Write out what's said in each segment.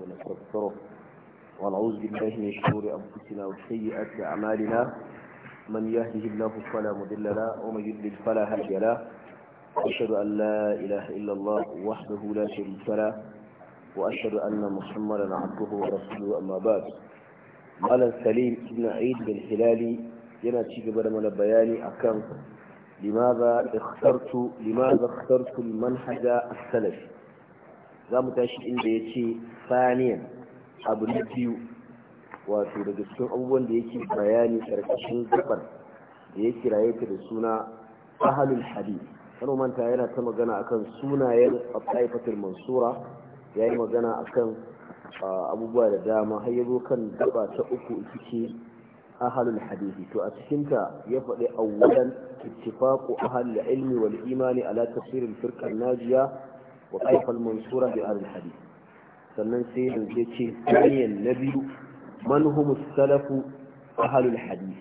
ونستغفره ونعوذ بالله من شرور أنفسنا وسيئات أعمالنا من يهده الله فلا مضل له ومن يضلل فلا هادي له أشهد أن لا إله إلا الله وحده لا شريك له وأشهد أن محمدا عبده ورسوله أما بعد قال سليم بن عيد بن هلالي ينا ci gaba da mana لماذا اخترت لماذا اخترت المنهج السلفي za mu tashi inda ya ce saniyan abu na biyu wato daga cikin abubuwan da yake bayani ƙarƙashin gabar da ya kiraye ta da suna ahalul hadi kano manta yana ta magana akan sunayen abdaifatul mansura ya yi magana akan abubuwa da dama har yazo kan daba ta uku ita ce ahalul hadisi to a cikinta ya faɗi awwalan ittifaqu ahalul ilmi wal imani ala tafsiril firqa najiya wa kaifal mansura bi al hadith sannan sai ya ce tsaniyan na biyu manhumus salafu ahalul hadith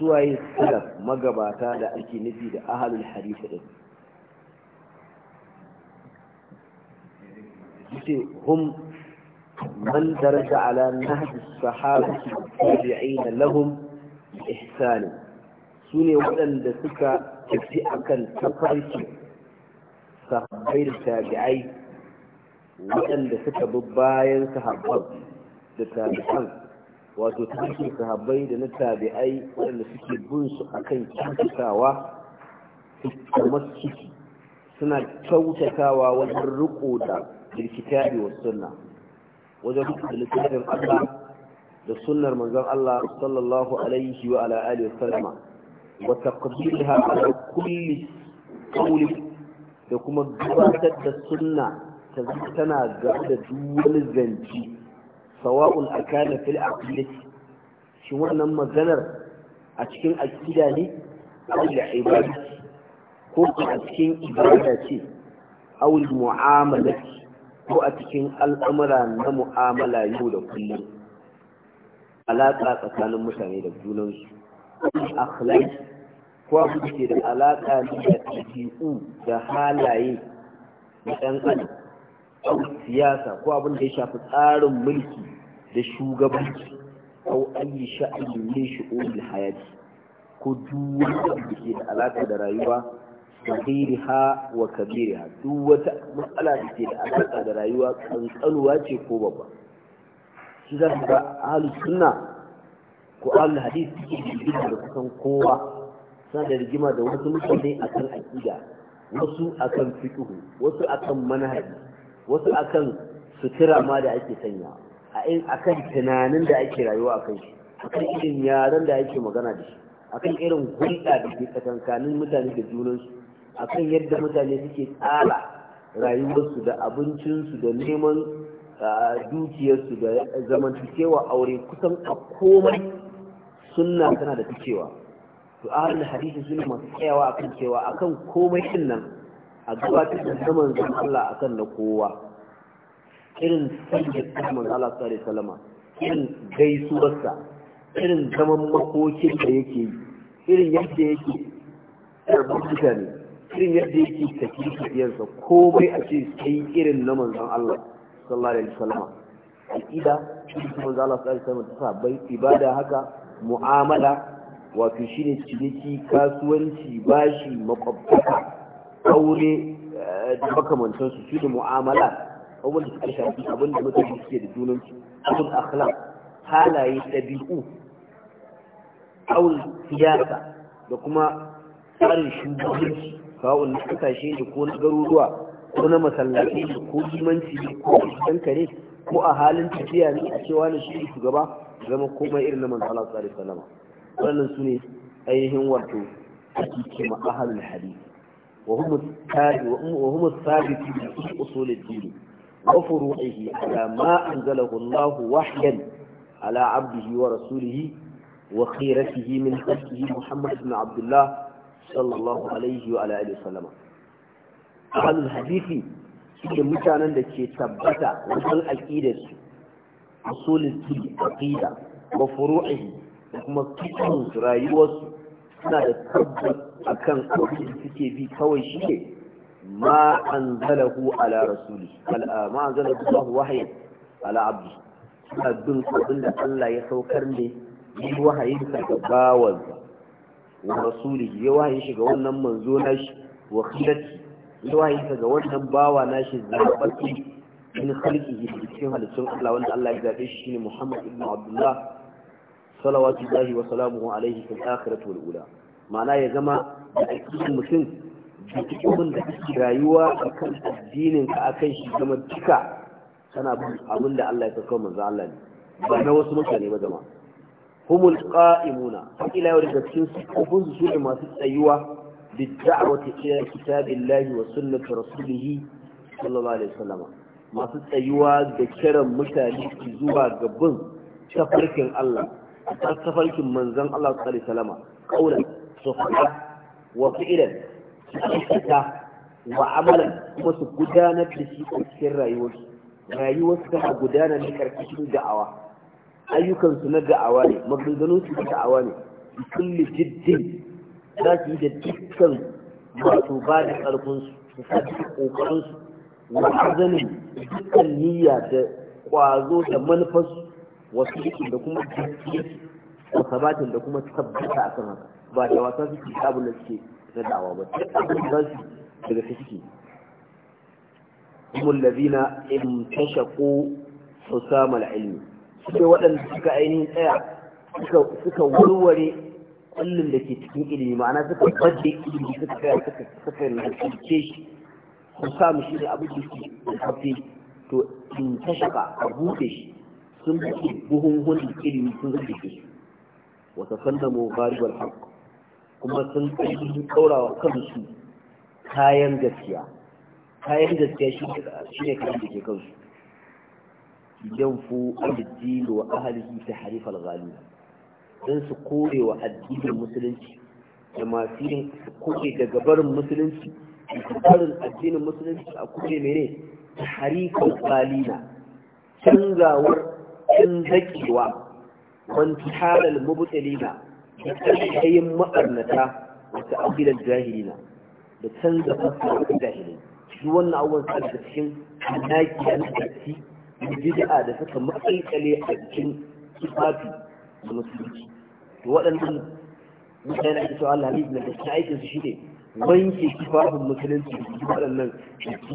suwaye salaf magabata da ake nufi da ahalul hadith din yace hum man daraja ala nahji sahabati tabi'in lahum ihsan sune waɗanda suka tafi akan tafarki sahabbai da tabi'ai waɗanda suka bi bayan sahabban da tabi'an wato tashi sahabbai da na tabi'ai waɗanda suke bin su akan kyautatawa kuma ciki suna kyautatawa wajen riko da bilkitabi wa sunna wajen riko da littafin Allah da sunnar manzon Allah sallallahu alaihi wa ala alihi wa sallama wa taqdirha ala kulli qawli da kuma gabatar da sunna ta zama tana gaba da duwal zanci sawa'un akana fil aqidati shi wannan maganar a cikin aqida ne aw da ibadati ko a cikin ibada ce aw mu'amalati ko a cikin al'amura na mu'amala yau da kullum alaƙa tsakanin mutane da junansu akhlaqi Kuwa abu ke da alaƙa ne da ɗabi'u da halaye na ɗan adam au siyasa ko abin da ya shafi tsarin mulki da shugabanci au ayi sha'ani ne shi'o'il hayati ko duk wanda da ke da alaƙa da rayuwa ha wa kabiriha duk wata matsala da ke da alaƙa da rayuwa kankanuwa ce ko babba shi za su ga ahalus sunna ko ahalul hadis suke da kusan kowa suna da rigima da wasu mutane akan aƙida wasu akan fiqhu wasu akan manhaji wasu akan sutura ma da ake sanya akan tunanin da ake rayuwa akan shi akan irin yaren da ake magana da shi akan irin hulɗa da ke tsakankanin mutane da junansu akan yadda mutane suke tsara rayuwarsu da abincinsu da neman dukiyarsu da zamantakewa aure kusan a komai sunna tana da ficewa. cewa to ahlul hadisi suna masu tsayawa akan cewa akan komai din nan a gabatar da zaman zan Allah akan na kowa irin sanya kamar Allah sallallahu alaihi irin gaisuwarsa irin zaman makokin da yake yi irin yadda yake karɓar mutane irin yadda yake tafi tafiyarsa komai a ce sai irin na manzon Allah sallallahu alaihi wasallam aqida shi manzon Allah sallallahu alaihi wasallam ta bai ibada haka mu'amala wato ne ciniki kasuwanci bashi makwabtaka aure eh, da makamantansu su da mu'amala abin da suka shafi abin da mutane suke da junan su abin akhlaq halaye dabi'u aul siyasa da kuma tsarin shugabanci kawun na kasashe ne ko na garuruwa ko na masallaci da ko limanci da ko dankare ko a halin tafiya ne a cewa na shi shugaba zama komai irin na manzala sallallahu alaihi wannan su ne ainihin wato a cikin ma ahalul hadith wa hum sabitu bi usul ad-din wa furu'ihi ala ma anzalahu Allah wahyan ala 'abdihi wa rasulihi wa khiratihi min khalqihi Muhammad ibn Abdullah sallallahu alaihi wa alihi wasallam ahalul hadisi suke mutanen da ke tabbata wajen aqidarsu usul ad-din aqida wa furu'ihi da kuma fikin rayuwarsu suna da a akan abin da suke bi kawai shi ne ma anzalahu ala rasuli ah, ma anzalahu Allah wahayi ala abu suna bin abin da Allah ya saukar ne yi wahayin sa ga bawansa wa rasuli ya wahayi shi ga wannan manzo nashi wa khilati ya wahayi sa ga wannan bawa nashi zaɓaɓɓe min khalqihi cikin halittun Allah wanda Allah ya zaɓe shi ne Muhammad ibn Abdullah salawatu Allahi wa salamuhu alaihi fil akhirati wal ula ma'ana ya zama da aikin mutum da cikin da kake rayuwa akan addinin ka akan shi zama duka kana bin abin da Allah ya saka manzo Allah ne ba na wasu mutane ba jama'a humul qa'imuna ila yau daga cikin sufufin su ne masu tsayuwa بالدعوة إلى كتاب الله وسنة رسوله صلى الله عليه وسلم ما تتأيوا ذكرا متاليك زوا gaban تفرك Allah. ta tafarkin manzan Allah sallallahu alaihi wasallam qaulan sufaha wa fi'lan sufaha wa amalan kuma su gudanar da shi a cikin rayuwarsu rayuwarsu tana gudana ne karkashin da'awa ayyukansu na da'awa ne maganganunsu na da'awa ne kulli jiddin za su yi da dukkan masu ba da ƙarfinsu su sa ƙoƙarinsu wa azanin dukkan niyya da ƙwazo da manufarsu wasu yake da kuma gaskiya da sabatin da kuma tabbata akan haka ba da wasa suke da abin da suke na da'awa ba duk abin da su daga ta suke هم الذين امتشقوا حسام العلم suke waɗanda suka ainihin tsaya suka warware kullum da ke cikin ilimi ma'ana suka bade ilimi suka tsaya suka suka nake shi ku samu shi ne abin da ke hafi to in ta shaka a buɗe shi sun buɗe buhunhunan ilimi sun zuɗe su wata sanda, mu gharibal haqq kuma sun ainihin ɗaurawa kansu kayan gaskiya kayan gaskiya shi ne kayan da ke kansu Idan fu al-dini wa ahlihi ta harifar ghali don su kore wa addinin musulunci da masu yin su kore daga barin musulunci da barin addinin musulunci a kore mene tahrif al-ghalina canzawar cin zaƙewa wanti halal mubutsalina da ƙarƙayin maɓarnata wata abilan jahilina da canza fasara jahilai shi wannan abubuwan sa da cikin anaki da nasi da bid'a da suka matsalkale a cikin kifafi da musulunci to waɗannan mutane ake cewa Allah ne da shi aikinsu su shine wanke kifafin musulunci da waɗannan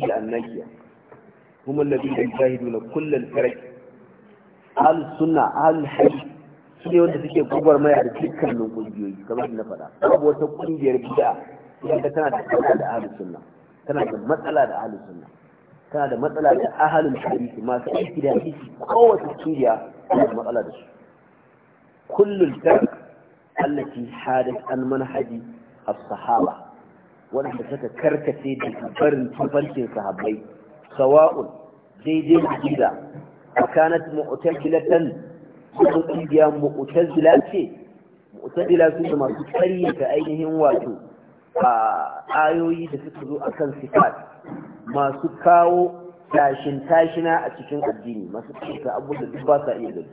da annakiya kuma na ladina jahiluna kullal farq ahlus sunna ahlul hadith su ne wanda suke maya da dukkanin ƙungiyoyi kamar na faɗa babu wata ƙungiyar bid'a wanda tana da matsala da ahlus sunna tana da matsala da ahlus sunna tana da matsala da ahlul hadith masu aiki da hadisi kowace kungiya tana da matsala da su kullul tark allati hadat an manhaji as-sahaba wanda suka karkace da barin tafarkin sahabbai sawa'un daidai da kanat mu'tazilatan su kungiya mu'tazila ce mu'tazila su da masu karyata ainihin wato a ayoyi da suka zo akan sifat masu kawo tashin tashina a cikin addini masu cikin abubuwan da duk ba sa iya gani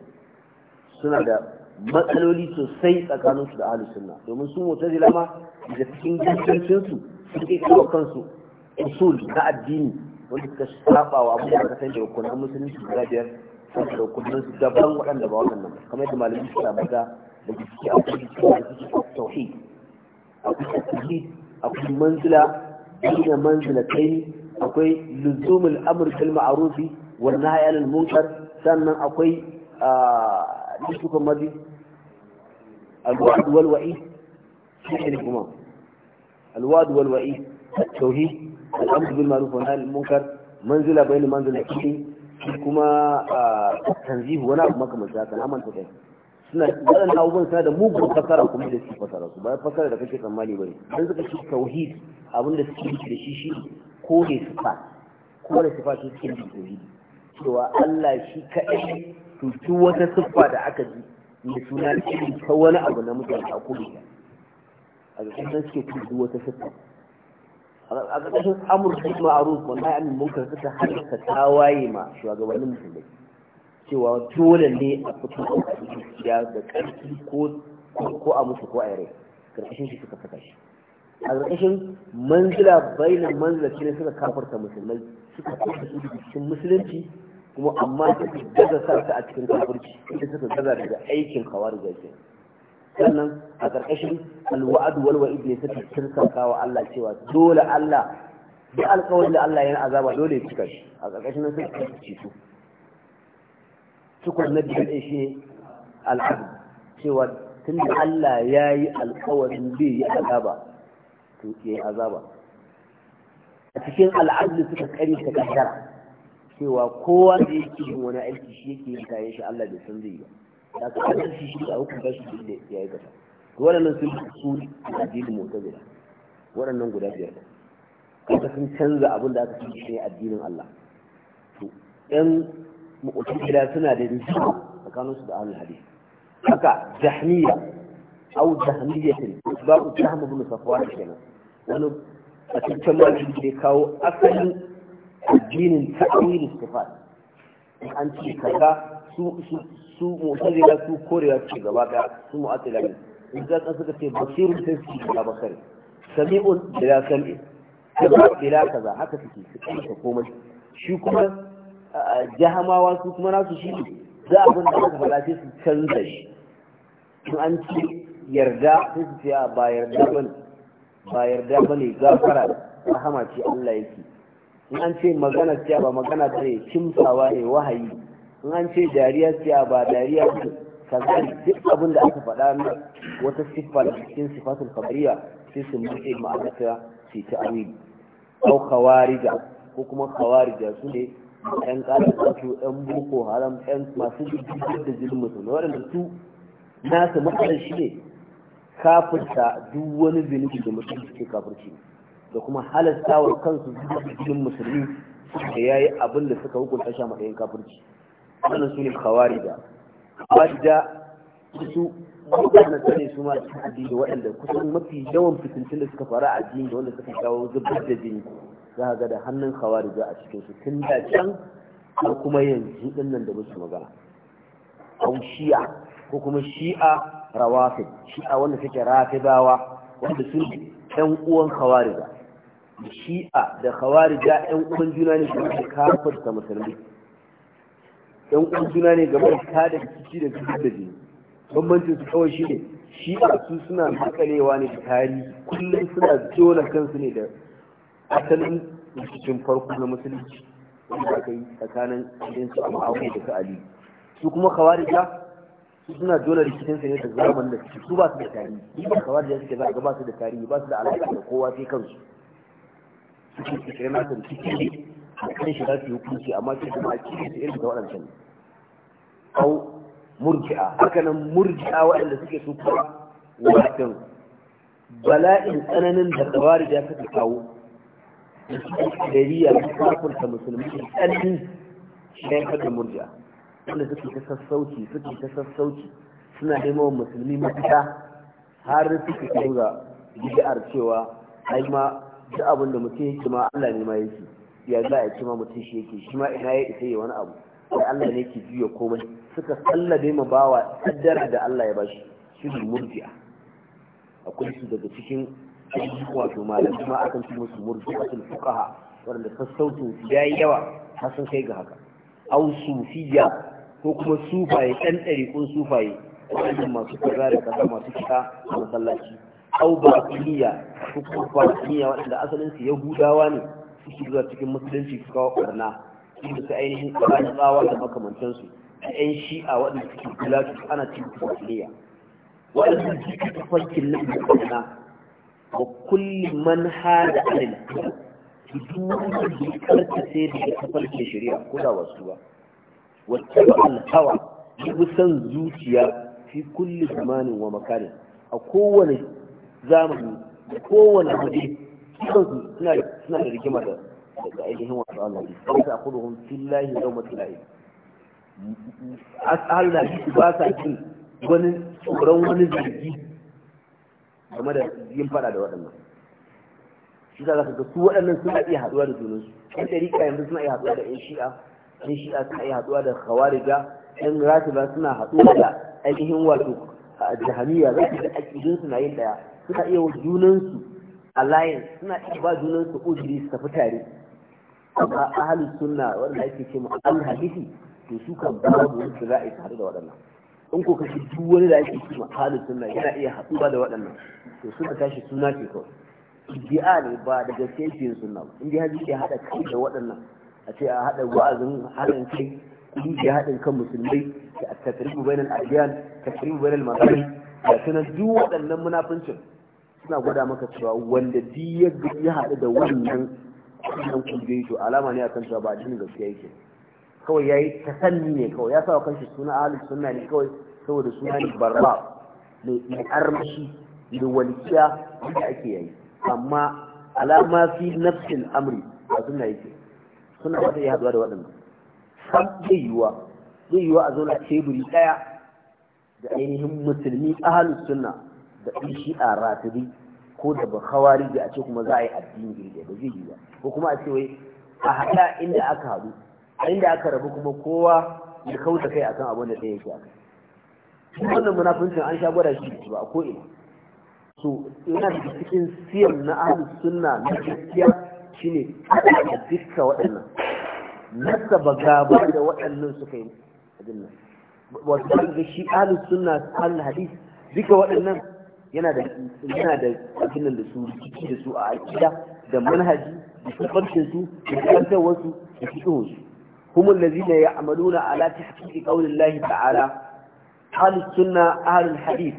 suna da matsaloli sosai tsakaninsu da ahlus sunna domin su mu'tazila ma da cikin gaskiyancin su suke kawo kansu usul na addini wanda suka saba wa abu da aka sani da hukunan musulunci guda biyar suna da hukunan su daban waɗanda ba waɗannan ba kamar yadda malamai suna maza da gaske akwai cewa da suke tauhid akwai tauhid akwai manzila dina manzila kai akwai luzumul amr bil ma'ruf wal nahy anil munkar sannan akwai nusukan mazi alwa'd wal wa'id shi ne kuma alwa'd wal wa'id التوحيد al'amru bil ma'ruf wa nahy anil munkar manzila bayna manzila kidi kuma tanzihu wani abu na manta kai suna abubuwan suna da mugun fasara kuma da fasara su fasara da kake tsammani bane dan suka ce tauhid abin da suke da shi shi ko ne ko ne su da tauhid cewa Allah shi kaɗai to duk wata siffa da aka ji mai suna irin ta wani abu na mutane a kuma wata siffa a ƙarƙashin amurka ma'aruf wanda ya munkar suka haddasa tawaye ma shugabannin musulmai cewa dole ne a fito a gaskiya da ƙarfi ko a musu ko a yare ƙarƙashin shi suka saka shi a ƙarƙashin manzila baina manzila ce ne suka kafarta musulmai suka kafa su daga cikin musulunci kuma amma su daga sa su a cikin kafirci inda suka gaza daga aikin kawar gaske sannan a ƙarƙashin alwa'ad wal wa'id ya saki tirsaka wa Allah cewa dole Allah duk alƙawarin da Allah yana azaba dole ya cika shi a ƙarƙashin nan sai ka ci su tukur na biyu ɗin shi al'adu cewa tun da Allah ya yi alƙawarin zai yi azaba to ya yi azaba a cikin al'adu suka ƙari ta ƙaddara cewa kowa da yake yin wani aiki shi yake yin kayan shi Allah bai san zai yi ba da ka ƙarfi shi a hukunta shi da ya yi gaba waɗannan sun su addinin mu'tazila waɗannan guda biyar kuma sun canza abin da aka fi shi addinin Allah to ɗan mu'tazila suna da rijima tsakanin su da ahlul hadith haka jahmiya au ba ta babu bin ibn da kenan wani a cikin malamin da ya kawo asalin addinin ta'awil istifad an ce kaga su su su mu'tazila su korewa ce gaba ɗaya su mu'tazila in ka kan suka ce basirun sai su da basari sami'un bila sam'i kaza bila kaza haka suke su ta komai shi kuma jahamawa su kuma nasu shi ne za a gudu da faɗa sai su canza shi in an ci yarda sai su ce ba yarda ba ne ba yarda ba ne gafara rahama ce Allah yake in an ce magana ce ba magana ta ne kimsawa ne wahayi in an ce dariya ce ba dariya ce kazali duk abin da aka faɗa na wata siffa da cikin sifatul khabariya sai su mutu ma'anata su ta amini. au khawarija ko kuma khawarija su ne yan ƙarar wasu yan boko haram yan masu jirgin da jirgin musulmi waɗanda su nasu matsalar shi ne kafirta duk wani zunubi da mutum suke kafirci da kuma halasta wa kansu jirgin musulmi da ya yi abin da suka hukunta shi a matsayin kafirci wannan su ne khawarija wadda su kuma na ne su ma cikin addini waɗanda kusan mafi yawan fitintun da suka faru a addini da wanda suka kawo zubar da jini za ga da hannun za a cikin su tun da can har kuma yanzu din nan da musu magana ko shi'a ko kuma shi'a rawafi shi'a wanda suke rafidawa wanda su ɗan uwan khawarija shi'a da khawarija ɗan uwan juna ne su kafirta musulmi yan uwan juna ne game da ta da kici da fitar da jini bambancin su kawai shi ne shi a su suna makalewa ne da tari. kullum suna jona kansu ne da asalin rikicin farko na musulunci wanda aka yi tsakanin su a ma'auni da su ali su kuma kawarika su suna jona rikicin sa ne da zaman da su su ba su da tari su ba kawarija suke za a gaba ba su da tari? ba su da alaƙa da kowa sai kansu suke kirkirna su rikici kan shi za hukunci amma shi kuma a cikin su irin da waɗancan au murji'a nan murji'a waɗanda suke su kuma wajen bala'in tsananin da tsawari da suka kawo da suke kadariya da kafurta musulmi da tsanani shi da murji'a wanda suke ta sassauci suke ta sassauci suna neman musulmi mafita har suke kawo ga bid'ar cewa ai ma duk abin da mutum yake ma Allah ne ma yake ya za a ce ma mutum shi yake shi ma ina ya isa yi wani abu sai Allah ne ke juya komai suka sallabe ma bawa kaddara da Allah ya bashi shi ne murji'a akwai su daga cikin wato malam ma akan ci musu murji'atul fuqaha wanda sassautin su yi yawa har sun kai ga haka au sufiya ko kuma sufaye ɗan ko sufaye waɗannan masu kaza da kaza masu kita a masallaci au bakiliya ko kuma bakiliya waɗanda asalinsu yahudawa ne suke zuwa cikin musulunci su kawo ɓarna da su ainihin ƙwararren tsawa da makamantansu a 'yan shi'a waɗanda suke kula su ana cikin kwasiliya waɗanda suke tafarkin nan da ɓarna wa kulli man hada alil duk wanda bai da daga tafarkin shari'a ko da wasu ba wacce ba hawa ya bi son zuciya fi kulli zamanin wa makarin a kowane zamani da kowane waje dukansu suna suna da rigima da da ainihin wasu Allah ne sai ta hun fillahi yawmatil lahi as'al da su ba sa jin wani tsoron wani zargi game da yin fada da waɗannan shi za ka ga su waɗannan suna iya haɗuwa da su ɗan ɗariƙa yanzu suna iya haɗuwa da ƴan shi'a ƴan shi'a suna iya haɗuwa da khawarija ƴan ratiba suna haɗuwa da ainihin wato jahaniya za ka ga aƙidinsu na yin ɗaya suna iya wa junansu alliance suna iya ba junan su ujiri su tafi tare amma ahalus sunna wanda ake ce mu al-hadisi to su kan babu wanda za a yi tare da waɗannan in ko kashi duk wani da ake ce mu ahalus sunna yana iya haɗuwa da waɗannan to suna tashi suna ce kawai iddia ne ba da gaske yake yin sunna ba in dai haji ke haɗa kai da waɗannan a ce a haɗa wa'azin haɗin kai ya haɗin kan musulmai da a tafribu bainal adiyan tafribu bainal magani da sunan duk waɗannan munafincin suna gwada maka cewa wanda duk ya haɗu da wannan wannan kungiyoyi to alama ne akan cewa ba addinin gaskiya yake kawai yayi sanni ne kawai ya sa wa kanshi suna ahlus sunna ne kawai saboda suna ne barra mai armashi da walikiya wanda ake yayi amma alama fi nafsin amri ba suna yake suna wata ya haɗuwa da waɗannan sam zai yiwuwa zai yiwuwa a zauna teburi ɗaya da ainihin musulmi ahalus sunna da shi a rafidi ko da ba hawari da a ce kuma za a yi addini iri ba zai yi ba ko kuma a ce wai a haɗa inda aka haɗu a inda aka rabu kuma kowa ya kauta kai akan abin da ɗaya ya yake akai wannan munafincin an sha gwada shi ba a ko'ina so yana da cikin siyan na ahlus sunna na gaskiya shine a dukkan waɗannan nasa ba gaba da waɗannan suka yi adinnan wato ga shi ahlus sunna ahlul hadith duka waɗannan yana da yana da abin da su ciki da su a aqida da manhaji da tabbacin su da karantarwar su da fiqhun su hum allazina ya'maluna ala tahqiqi qawlillahi ta'ala ahlus suna ahlul hadith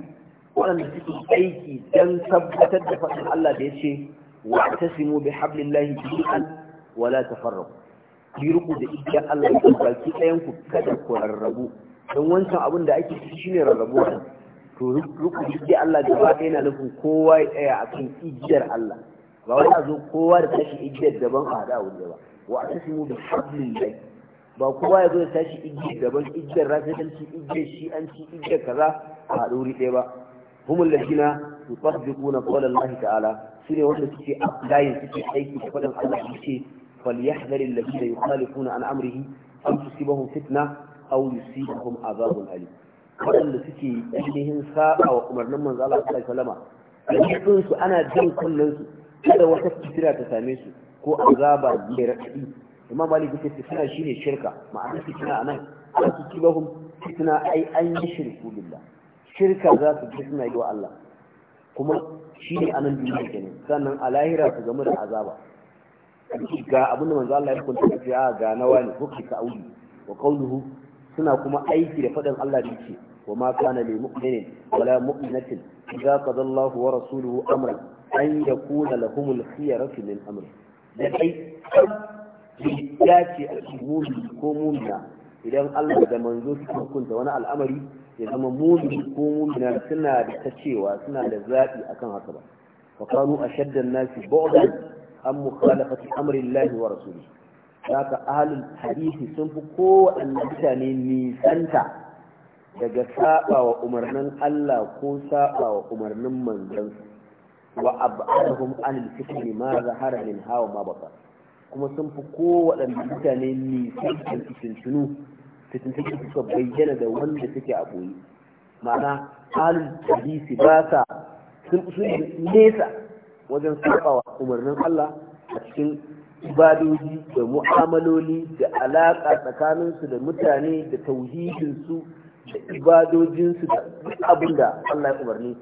waɗanda suke aiki don tabbatar da faɗin Allah da ya ce wa tasimu bi hablillahi jami'an wala tafarraqu yi da ita Allah da baki ɗayan ku kada ku rarrabu don wancan abin da ake ciki shine rarrabuwa to rukun jiki Allah gaba ɗaya yana nufin kowa ya tsaya a kan igiyar Allah ba wani a zo kowa da tashi igiyar daban a haɗa wuri ba wa a tashi mu da hablin lai ba kowa ya zo da tashi igiyar daban igiyar rafidanci igiyar shi'anci igiyar kaza a haɗa wuri ɗaya ba humul lafina su tasbiquna qawla Allah ta'ala shine wanda suke applying suke aiki da faɗin Allah ce da yake فليحذر الذين an عن an su تصيبهم فتنه او يصيبهم عذاب اليم waɗanda suke ainihin saba wa umarnin manzo Allah sallallahu alaihi wasallam su ana jin kullun su kada wata fitira ta same su ko azaba da raɗaɗi amma bali kuke fitina shine shirka ma'ana fitina anan an su kibahum fitina ai an yi shirku billah shirka za su fitina suna yi wa Allah kuma shine anan duniya kenan sannan a lahira su gamu da azaba ga abin da manzo Allah ya kunta ya ah, ga nawa ne ko ka auli wa qawluhu suna kuma aiki da faɗin Allah da yake وما كان لمؤمن ولا مؤمنة إذا قضى الله ورسوله أمرا أن يكون لهم الخيرة من أمره لكي يأتي المؤمن كمؤمنا idan Allah da manzo su hukunta wani al'amari ya zama mumi ko mumina suna da ta cewa suna da zaɓi akan haka ba fa kanu ashaddan nasi bu'dan an mukhalafati amarin Allah wa rasulih hadisi sun fi kowanne mutane nisanta daga saba wa umarnin Allah ko saba wa umarnin manzon wa ab'adahum anil fitni ma zahara min hawa ma baka kuma sun fi kowaɗanne mutane nisan fitintunu fitintunu suka bayyana da wanda suke a boye ma'ana halin hadisi ba sa sun fi nesa wajen saba wa umarnin Allah a cikin ibadoji da mu'amaloli da alaƙa tsakaninsu da mutane da tauhidinsu da ibadojinsu da duk abin da Allah ya umarni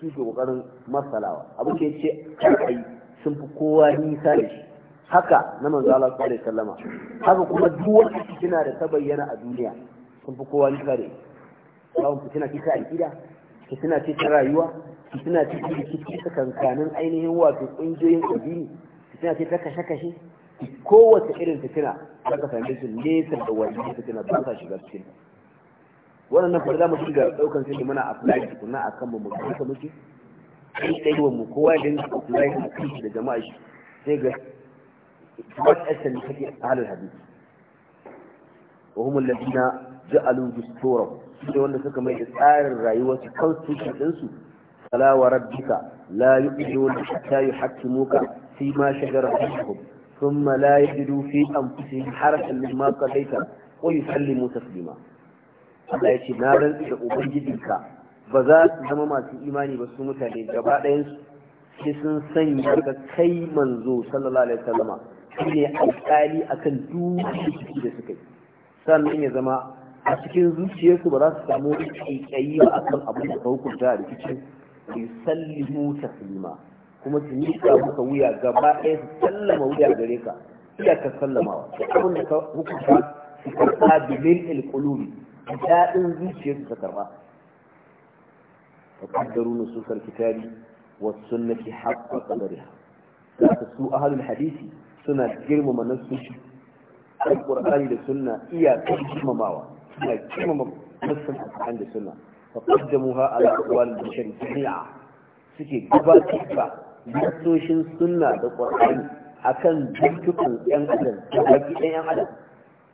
su ke kokarin masalawa abin da yake kai sun fi kowa nisa da shi haka na manzo Allah sallallahu alaihi wasallama haka kuma duk wanda kina da ta bayyana a duniya sun fi kowa nisa da shi kawon fitina ce ta al'ida fitina ce ta rayuwa fitina ce ta rikici tsakankanin ainihin wato ƙungiyoyin addini fitina ce ta kashe-kashe kowace irin fitina za ka same su nesa da wani fitina ba ka shiga cikin waɗannan farza mu dinga ɗaukan sai muna apply tukuna a kanmu mu kuka muke kai tsayuwar mu kowa da dinga apply a kanshi da jama'a shi sai ga what essence kake ahlul hadith wa hum alladhina ja'alu dusturahum sai wanda suka mai da tsarin rayuwarsu constitution ɗinsu فلا وربك لا يؤمنون حتى يحكموك فيما شجر بينهم ثم لا يجدوا في أنفسهم حرجا مما قضيت ويسلموا تسليما Allah ya ce na rantsi da ubangijinka ba za su zama masu imani ba su mutane gaba ɗayan su sai sun sanya ga kai manzo sallallahu alaihi wasallama shi ne alƙali akan duk da suka yi sannan ya zama a cikin zuciyarsu ba za su samu ƙaiƙayi ba akan abin da ka hukunta a rikicin sallimu taslima kuma su miƙa muka wuya gaba ɗaya su sallama wuya gare ka iya ka sallamawa abin da ka hukunta su karɓa bilin alƙulubi daɗin zuciyarsu ta karɓa wa kaddaru nususar kitabi wa sunnati haqqa qadariha zaka su ahlul hadisi suna girmama nasoshi alqur'ani da sunna iya girmamawa suna kimama nasoshi alqur'ani da suna. fa qaddamuha ala aqwal al-bashar jami'a suke gabatar da nasoshin sunna da qur'ani akan dukkan yan adam da baki yan adam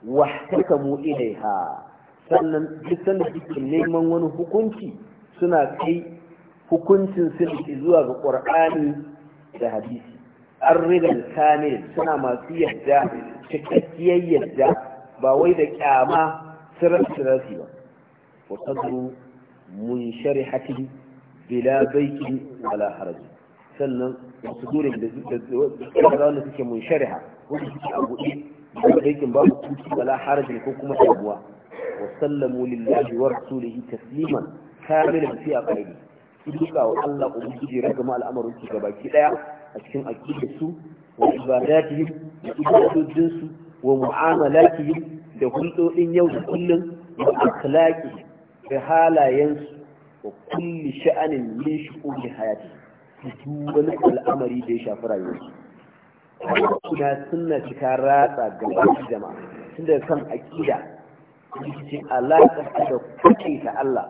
wahtakamu ilaiha sannan duk sanda suke neman wani hukunci suna kai hukuncin sulhi zuwa ga ƙur'ani da hadisi an riga kamil suna masu yadda cikakkiyar yadda ba wai da kyama sirrasi ba wa sadru mun sharihatin bila baikin wala haraji sannan wasu dole da wanda da suke mun shariha wanda suke a buɗe da baikin babu kuki wala haraji ko kuma tabuwa وسلموا لله ورسوله تسليما كاملا في أقائده إذا الله أبجد رقم الأمر في كباكي لا أشكم أكيد سوء وعباداتهم وإبادة الجنس ومعاملاتهم لهم إن يوم كل وأخلاقهم بحالا ينسو وكل شأن من شؤون حياته duk al'amari da ya shafi rayuwarsu kuna suna cika ratsa ga jama'a tun daga kan akida ce alaƙar da kuke ta Allah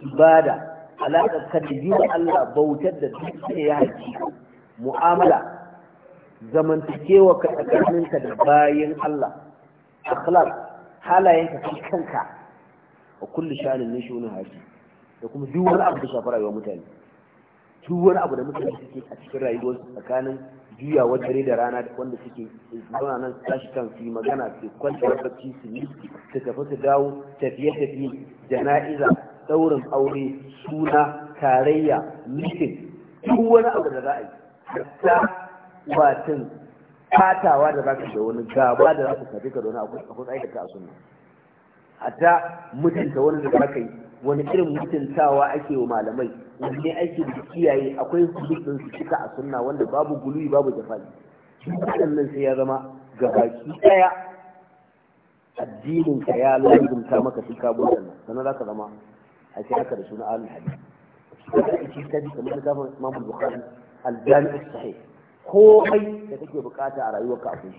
ibada da ka da yi Allah bautar da duk ya haƙi mu'amala zamantakewa ka tsakaninka da bayan Allah akhlaq halayenka kai kanka a kullu shanin ne shi haji da kuma duk abu da shafa rayuwar mutane duk abu da mutane suke a cikin rayuwar tsakanin juya dare da rana wanda suke zauna nan tashi kan su magana su kwanta da bacci su yi su tafi su dawo tafiye tafiye jana'iza daurin aure suna tarayya mitin duk wani abu da za a yi ta watan fatawa da za ka da wani gaba da za ka tafi ka da wani akwai aikata a sunna ta mutunta wani da za ka yi wani irin mutuntawa ake wa malamai wanne aiki da kiyaye akwai hudud ɗinsu su cika a sunna wanda babu guluwi babu jafali nan sai ya zama ga gabaki daya addinin ka ya lalunta maka shi ka bota nan sannan zaka zama a shi haka da suna alul hadith da ake tabi kamar da gafar Imam Bukhari al Ko sahih komai da take bukata a rayuwar kafin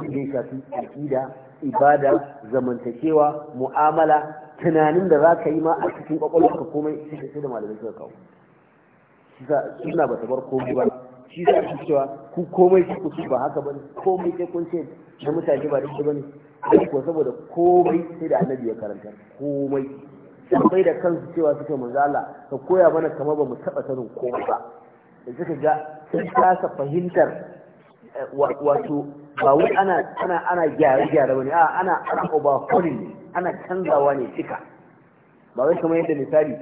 shi da shafi aƙida ibada zamantakewa mu'amala tunanin da za ka yi ma a cikin ka komai shi ka sai da malamai suka kawo suna ba ta bar komai ba shi za a cewa ku komai shi ku ba haka ba ne komai sai kun ce na mutane ba daidai ba ne don ko saboda komai sai da annabi ya karanta komai sai da kansu cewa suka manzo ka koya mana kamar ba mu taɓa sanin komai ba da suka ga sun kasa fahimtar eh, wato ba wai ana ana ana gyare gyare bane a ana ana ne ana canzawa ne cika ba wai kamar yadda misali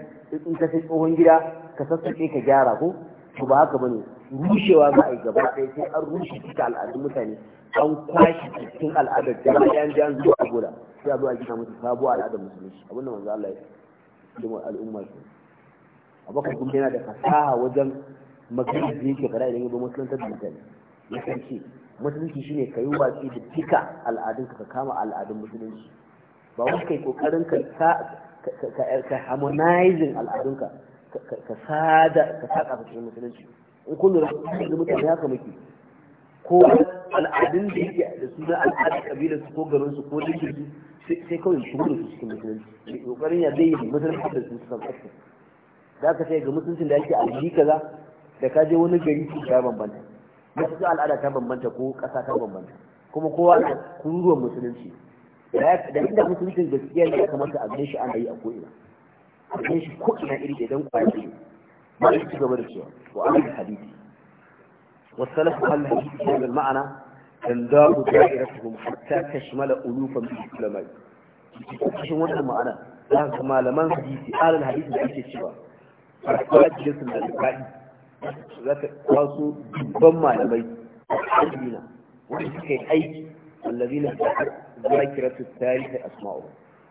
in ka sai tsohon gida ka sassaƙe ka gyara ko to ba haka bane rushewa za a yi gaba ɗaya sai an rushe cika al'adun mutane an kwashe cikin al'adar da yan jan zuwa a gora sai a zo a gina musu sabuwar al'adar musulunci abinda da manzo Allah ya yi al'umma su abakar kuma yana da fasaha wajen magana da yake fara idan ya bi musulunta da mutane ya kan ce musulunci shine kayi watsi da cika al'adun ka kama al'adun musulunci ba wani kai kokarin ka harmonizing al'adunka ka sada ka saka su cikin musulunci in kun lura da mutane haka muke ko al'adun da yake da su na al'ada kabilar su ko garin su ko dinkin su sai kawai su da su cikin musulunci kokarin ya zai yi musulunci da su san kasu za ka sai ga musulunci da yake alji kaza da ka je wani gari su ta bambanta wasu al'ada ta bambanta ko ƙasa ta bambanta kuma kowa kururuwan musulunci da inda mutuncin gaskiya ne ya kamata a gane shi ana yi a ko'ina a gane shi ko'ina iri idan kwaye ما يتجب الاسوء وعلى الحديث والثلاث قال الحديث هذا المعنى تندار دائرتهم حتى تشمل ألوفا من العلماء شو هذا المعنى لا كما لمن حديثي آل الحديث بأي شيء فالقواعد جلس من الإبقائي ذاك قاسوا بما لمي أحدنا وإذا كان أي الذين تحدث zakiratu tarihi asma'u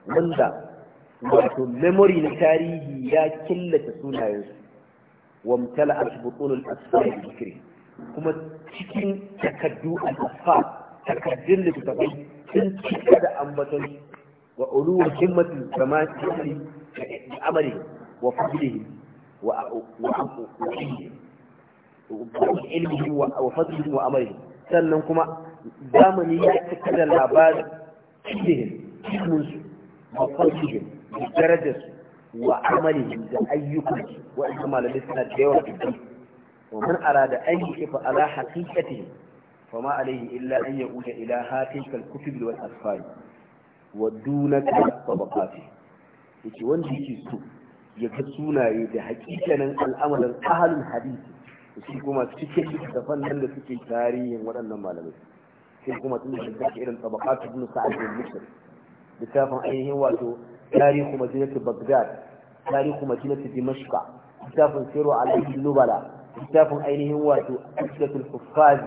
wanda wato memory na tarihi ya killace su, wa mutala ashbutul al-asfar zikri kuma cikin takaddu al-asfar takaddun littafai sun cika da ambaton wa uluwa himmatul samati da amali wa fadlihi wa ilmihi wa fadlihi wa amali sannan kuma zamani ya cika da labarin ilmihim ilminsu wa fadlihim da darajarsu wa amalihim da ayyukansu wa'anda malamai suna da yawan fitin wa man arada an yukifa ala haqiqatihim فما عليه إلا أن يؤول إلى هاتيك الكتب والأسفار ودونك طبقاته yake wanda yake so ya ga sunaye da hakikanin al'amalan ahalin hadisi su kuma cikin littafan nan da suke tarihin waɗannan malamai sai kuma tun da littafi irin tabaqatu ibn sa'ad bin muslim littafin ainihin wato tarihu madinatu bagdad tarihu madinatu dimashqa littafin siru alaihi nubala littafin ainihin wato asdatul huffaz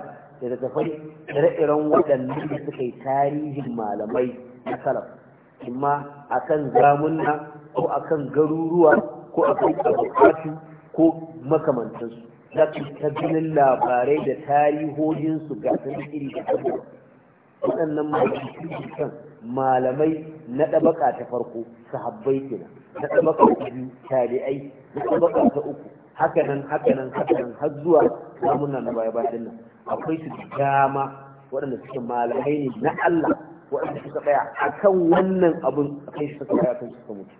da da tafai ire-iren waɗannan da suka yi tarihin malamai na salaf imma akan zamunna ko akan garuruwa ko akan tabaqatu ko makamantansu za ta labarai da tarihohinsu ga sun iri da kuma waɗannan malamai kan malamai na ɗabaka ta farko sahabbai kenan na ɗabaka ta biyu tabi'ai na ɗabaka ta uku hakanan hakanan hakanan har zuwa zamuna na baya bayan nan akwai su dama waɗanda suke malamai ne na Allah waɗanda suka tsaya akan wannan abun kai su suka tsaya su suka mutu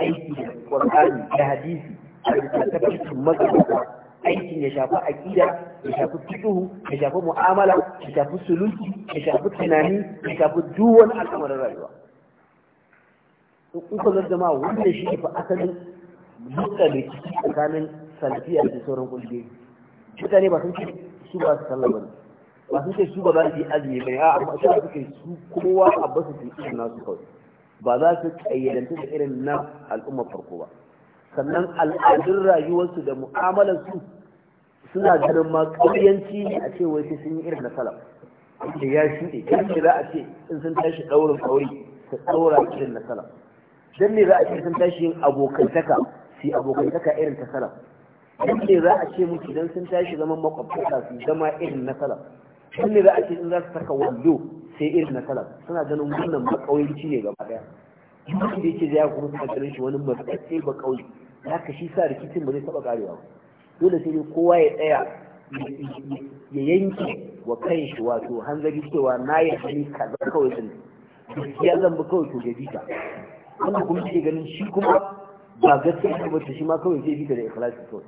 aiki da Qur'ani da hadisi da tabbacin magabata aikin ya shafi aƙida ya shafi fiqhu ya shafi mu'amala ya shafi suluki ya shafi tunani ya shafi duk wani al'amarin rayuwa in da ma wannan shi fa asalin da rikici tsakanin salafiya da sauran kungiyoyi mutane ba sun ce su ba su sallah ba ba sun ce su ba za su yi azumi ba a amma shi suke su kowa a basu su yi nasu kawai ba za su kayyadantu da irin na al'ummar farko ba sannan al'adun rayuwarsu da mu'amalarsu suna ganin ma ƙauyanci ne a ce wai sun yi irin na salaf da ya shuɗe kan ne za a ce in sun tashi ɗaurin ƙauri su ɗaura irin na salaf dan ne za a ce sun tashi yin abokantaka su yi abokantaka irin ta salaf dan ne za a ce musu dan sun tashi zaman makwabtaka su zama irin na salaf dan ne za a ce in za su saka wando sai irin na salaf suna ganin wannan makauyanci ne gaba ɗaya duk da yake zai kuma suna ganin shi wani matsatse ba kauye haka shi sa rikicin ba zai taba karewa dole sai kowa ya tsaya ya yanke wa kan shi wato hanzari cewa na yi hali kaza kawai din gaskiya zan bi kawai to gaji ta wanda kuma ke ganin shi kuma ba gaskiya ne ba shi ma kawai zai bita da ikhlasi kawai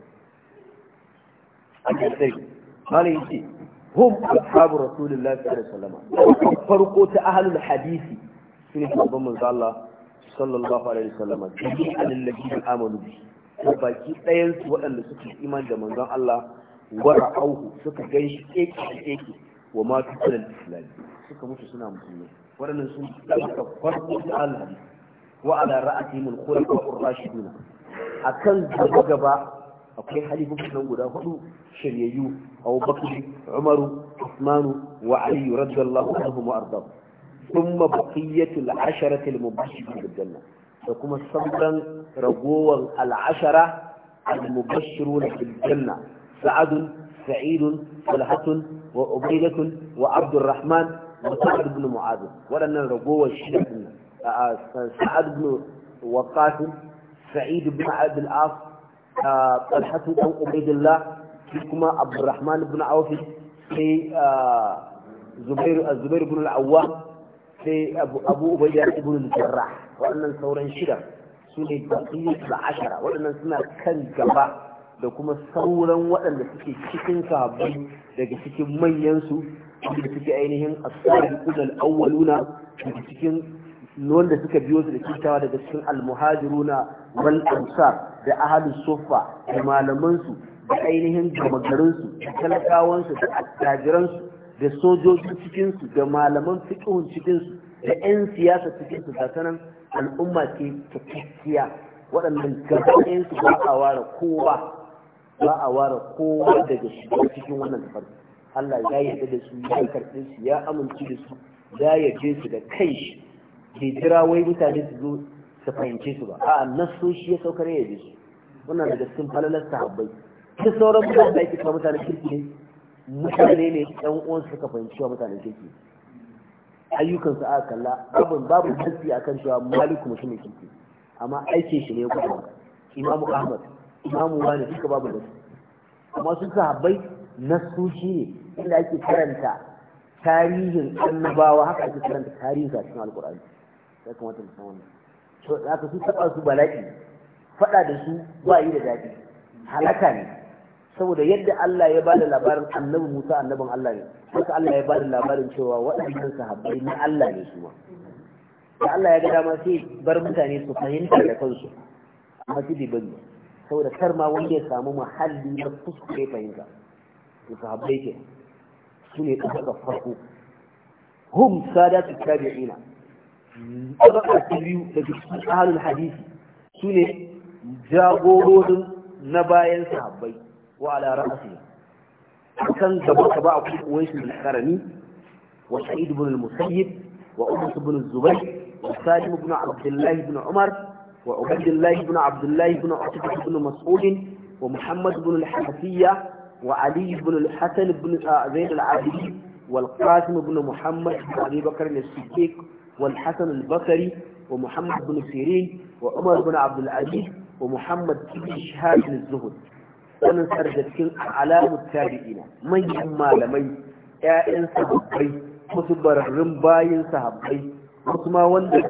a kasar malai yace hum ashabu rasulullahi sallallahu alaihi wasallam farko ta ahlul hadisi shine babban manzo Allah sallallahu alaihi wasallam jami'an alladhina amanu bi ko baki ɗayan su waɗanda suke iman da manzon Allah wa ra'auhu suka ganshi eke-eke, wa ma tusalil islam suka mutu suna musulmi waɗannan sun tsaka farko da Allah wa ala ra'atihim al-khulafa'ur rashidun akan gaba gaba akwai halifofin nan guda hudu shiryayyu Abu Bakr Umaru Usmanu wa Ali radiyallahu anhum wa ardahum ثم بقية العشرة المبشرين بالجنة فكما صبرا رجوع العشرة المبشرون بالجنة سعد سعيد والحسن وعبيدة وعبد الرحمن وسعد بن معاذ ولن رجوع الشيخ آه، آه، سعد بن وقاس سعيد بن عبد العاص آه، طلحة بن أبيد الله كما عبد الرحمن بن عوف زبير الزبير بن العوام sai abu ubayya ibn jarrah waɗannan sauran shida su ne da ashara waɗannan suna kan gaba da kuma sauran waɗanda suke cikin sahabbai daga cikin manyansu da suke ainihin as-sabiqun awwaluna daga cikin wanda suka biyo su da kitawa daga cikin almuhajiruna muhajiruna wal ansar da ahlus suffa da malaman su da ainihin gamagarin su da talakawan su da attajiran su da sojojin cikinsu da malaman fikihun cikinsu da 'yan siyasa cikinsu ga sanan al'umma ce cikakkiya waɗannan gabaɗayansu ba a ware kowa ba a ware kowa daga shiga cikin wannan tafarki Allah ya yarda da su ya karɓe su ya amince da su ya yarda su da kai shi bai jira wai mutane su zo su fahimce su ba a'a shi ya saukar ya yarda su wannan daga cikin falalar sahabbai duk sauran mutane da ake kuma mutane kirki ne mutane ne ɗan uwansu suka fahimci wa mutane kirki ayyukansu aka kalla abin babu hasi akan cewa maliku mutumin kirki amma aiki shi ne ya kuma imamu ahmad imamu wani suka babu su amma su sahabbai su shi ne inda ake karanta tarihin annabawa haka ake karanta tarihin sa cikin alkur'ani sai kuma ta san wannan to haka su taba su bala'i faɗa da su ba yi da dadi. halaka ne saboda yadda Allah ya bada labarin annabi Musa annabin Allah ne haka Allah ya bada labarin cewa waɗannan sahabbai na Allah ne su ma da Allah ya ga dama sai bar mutane su fahimta da kansu amma sai bai bari saboda kar ma wanda ya samu muhalli na kuskure fahimta to sahabbai ke su ne kafa da farko hum sadatu tabi'ina tabaka ta biyu da cikin ahlul hadisi su ne jagororin na bayan sahabbai wa ala rasi kan gaba ka ba akwai uwaisu bin karami wa sa'id bin musayyib wa umus bin zubair wa salim bin abdullah bin umar wa ubaydullah bin abdullah bin utbah bin mas'ud wa muhammad bin al-hafiyya wa ali bin al bin zaid والقاسم بن محمد بن ابي بكر الصديق والحسن البصري ومحمد بن سيرين وعمر بن عبد العزيز ومحمد بن شهاب الزهد wannan sa daga cikin alamu tabi'ina manyan malamai ƴaƴan sahabbai wasu bararrun bayin sahabbai wasu ma wanda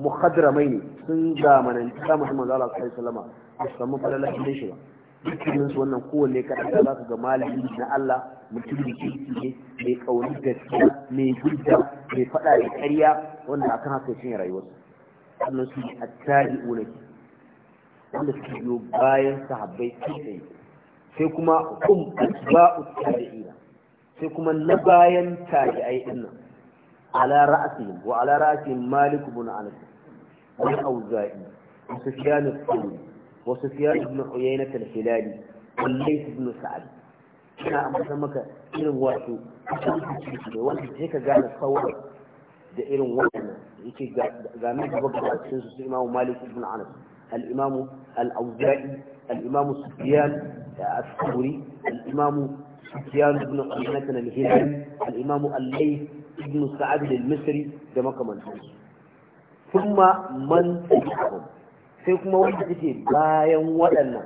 muhadramai ne sun zamananci ta muhammad sallallahu alaihi wasallam ba su samu falalar gidan shi ba dukkanin su wannan kowanne da za su ga malami na Allah mutum da kirki ne mai kauni gaskiya mai gudda mai faɗa da ƙarya wanda akan haka shi ne rayuwarsa sannan su a tabi'u ne wanda suke biyo bayan sahabbai kai tsaye sai kuma kum ba'u tabi'ina sai kuma na bayan tabi'ai din nan ala ra'sihim wa ala ra'sihim malik ibn anas wa auza'i wa sufyan al-thawri wa sufyan ibn uyayna al-hilali wa layth ibn sa'd ina amsa maka irin wato wanda sai ka gane sauran da irin wannan yake ga mai gaba ga cikin su imamu malik ibn anas الإمام الأوزاعي، الإمام سفيان الثوري الإمام سفيان بن عيينة الهلالي الإمام الليث بن سعد المصري كما كمان ثم من تبعهم ثم وجدت لا ينولنا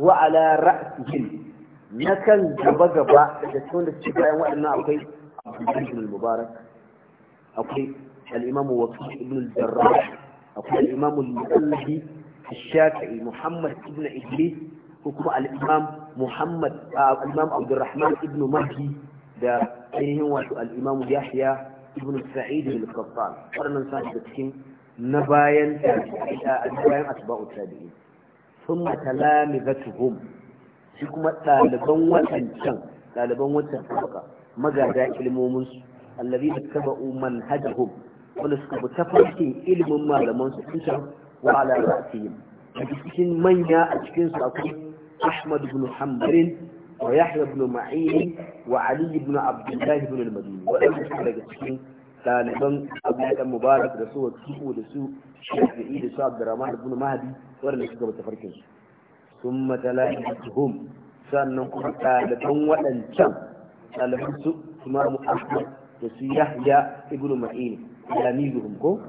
وعلى رأسهم نكن جبجة باء تكون الشفاء وأنا أوكي، عبد بن المبارك أوكي، الإمام وكيل بن الجراح أوكي، الإمام المؤلف الشافعي محمد ابن إدريس وكما الإمام محمد آه، الإمام عبد الرحمن ابن مهدي ده الإمام يحيى ابن سعيد بن القطان ورنا نساعد بسكين نباين آه، نباين أتباع التابعين ثم تلامذتهم شكما تالبان وتنشان تالبان وتنفق مغادا إلمومنس الذين اتبعوا منهجهم ولسكبوا تفاصيل علم ما لمنس wa ala ra'sihim cikin manya a cikin su akwai Ahmad ibn Hanbal wa Yahya ibn Ma'in wa Ali ibn Abdullah ibn al-Madini waɗanda suka daga cikin ɗaliban Abdullah Mubarak da su Wakifu da su Shafi'i da su Abdurrahman ibn Mahdi waɗanda suka bata farkin su ثم تلاحظهم sannan kuma ɗaliban waɗancan ɗaliban su imamu ahmad da su yahya ibn ma'in ya nizuhum ko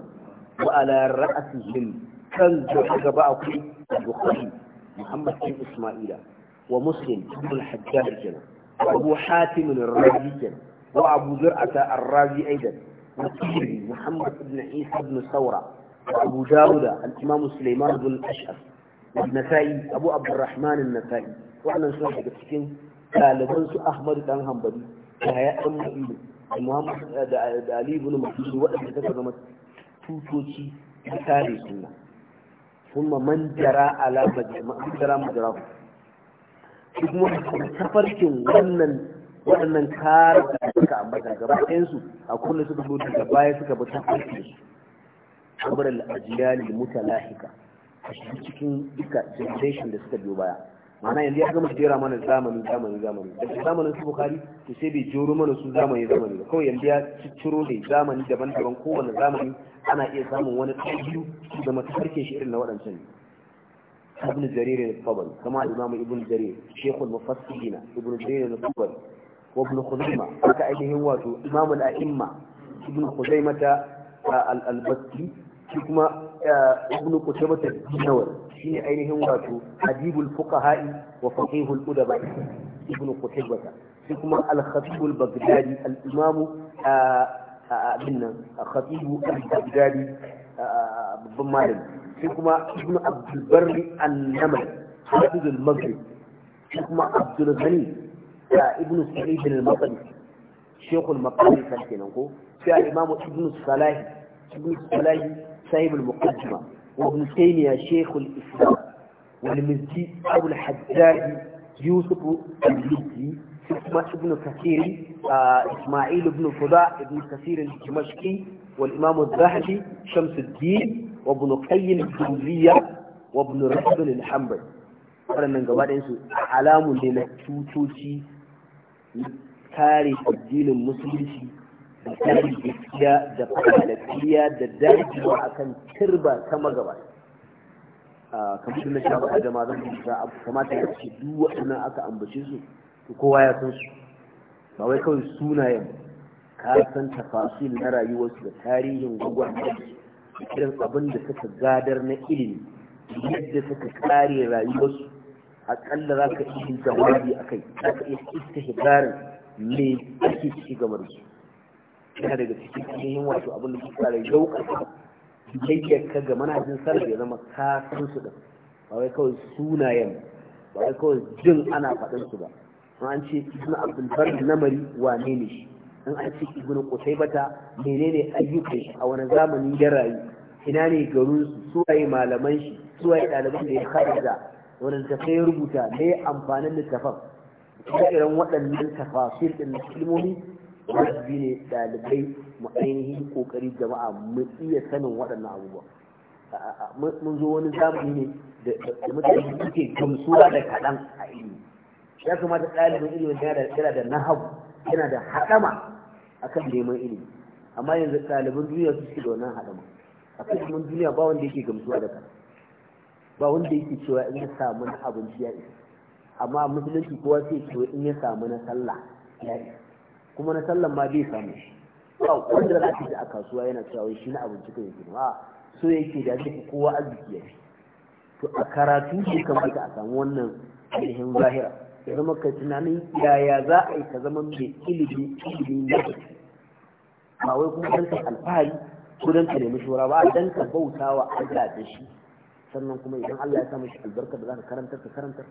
wa ala ra'asihim kan gaba gaba akwai bukhari muhammad bin isma'ila wa muslim ibn al-hajjaj kenan wa abu hatim ar-razi kenan wa abu zur'ata ar-razi aidan wa tirmidhi muhammad ibn isa ibn sawra wa abu dawud al-imam sulaiman ibn al-ash'ab wa an-nasa'i abu abdurrahman an-nasa'i wannan sun daga cikin ɗaliban su ahmad dan hanbali da ya dan mu'ilu da muhammad da ali ibn mas'ud waɗanda ta zama tutoci na tare sunna ثم من جرى على wannan waɗannan kare da suka ambata gaba ɗayansu a kullum suka zo daga baya suka bi tafarkin su kabar al'ajiyar mutalahika a cikin duka generation da suka biyo baya Mana yanzu ya gama jera mana zamani zamani zamani da zamanin su bukari to sai bai jero mana su zamani zamani ba kawai yanzu ya cicciro da zamani daban-daban kowane zamani ana iya samun wani ɗabi'u da matafarkin shi irin na waɗancan ne ibn جرير الطبري كما الإمام ابن جرير شيخ المفسرين ابن جرير الطبري وابن خزيمة كأيه هو إمام الأئمة ابن خزيمة البكي shi kuma eh, ibn qutayba an-nawawi shine ainihin wato adibul fuqaha'i wa faqihul udaba ibn qutayba shi kuma al-khatib eh, eh, al-baghdadi al-imam abin khatibu al-baghdadi babban malami shi kuma ibn abdul barri an-namr hafiz al-maghrib shi kuma abdul ghani ibn sa'id al-matani shekul maqami kan kenan ko sai al ibn salahi ibn salahi صاحب المقدمة وابن تيمية شيخ الإسلام والمزي أبو الحجاج يوسف المزي اسمه ابن كثير إسماعيل بن فضاء ابن كثير الدمشقي والإمام الذهبي شمس الدين وابن قيم الجوزية وابن رجب الحنبل waɗannan gaba ɗayansu alamu ne na cutoci kare addinin musulunci da tsarin gaskiya da fada da kariya akan turba ta magaba kamar na sha da zan yi ta kamata ya ce duk waɗannan aka ambace su to kowa ya san su ba wai kawai sunayen ka san tafasil na rayuwarsu da tarihin gwagwarmar irin abin da suka gadar na ilimi yadda suka kare rayuwarsu aƙalla za ka iya jawabi a kai za ka iya istihibarin me ake ci gaba da su yana daga cikin ainihin wato abin da kuka da yauka yayyar ka ga manhajin salaf ya zama ka san da ba wai kawai sunayen ba kawai jin ana faɗin ba in an ce ibn abdul bar namari wane ne shi in an ce ibn bata menene ayyukan shi a wani zamanin ya rayu ina ne garin su suwaye malaman shi suwaye ɗaliban da ya haɗa wani tafai ya rubuta me amfanin littafan ire irin waɗannan tafasir ɗin ilmomi wajibi ne dalibai mu ainihin kokari jama'a mu iya sanin waɗannan abubuwa mun zo wani zamani ne da mutane suke gamsuwa da kaɗan a ilimi ya kamata ɗalibin ilimin yana da nahabu, yana da haɗama akan neman ilimi amma yanzu ɗaliban duniya su suke da wannan haɗama a kan duniya ba wanda yake gamsuwa da kaɗan ba wanda yake cewa in ya samu na abinci ya isa amma musulunci kowa sai cewa in ya samu na sallah ya isa kuma na sallan ma bai samu shi wanda za a a kasuwa yana cewa shi na abinci kai yake ba so yake da zai kowa arziki ya to a karatu ne kamata a samu wannan ainihin zahira ya zama ka tunanin yaya za a yi ka zama mai ilimi ilimi na ba wai kuma dan ka alfahari ko dan ka nemi shura dan ka bautawa Allah da shi sannan kuma idan Allah ya samu shi albarka da za ka karanta ka karanta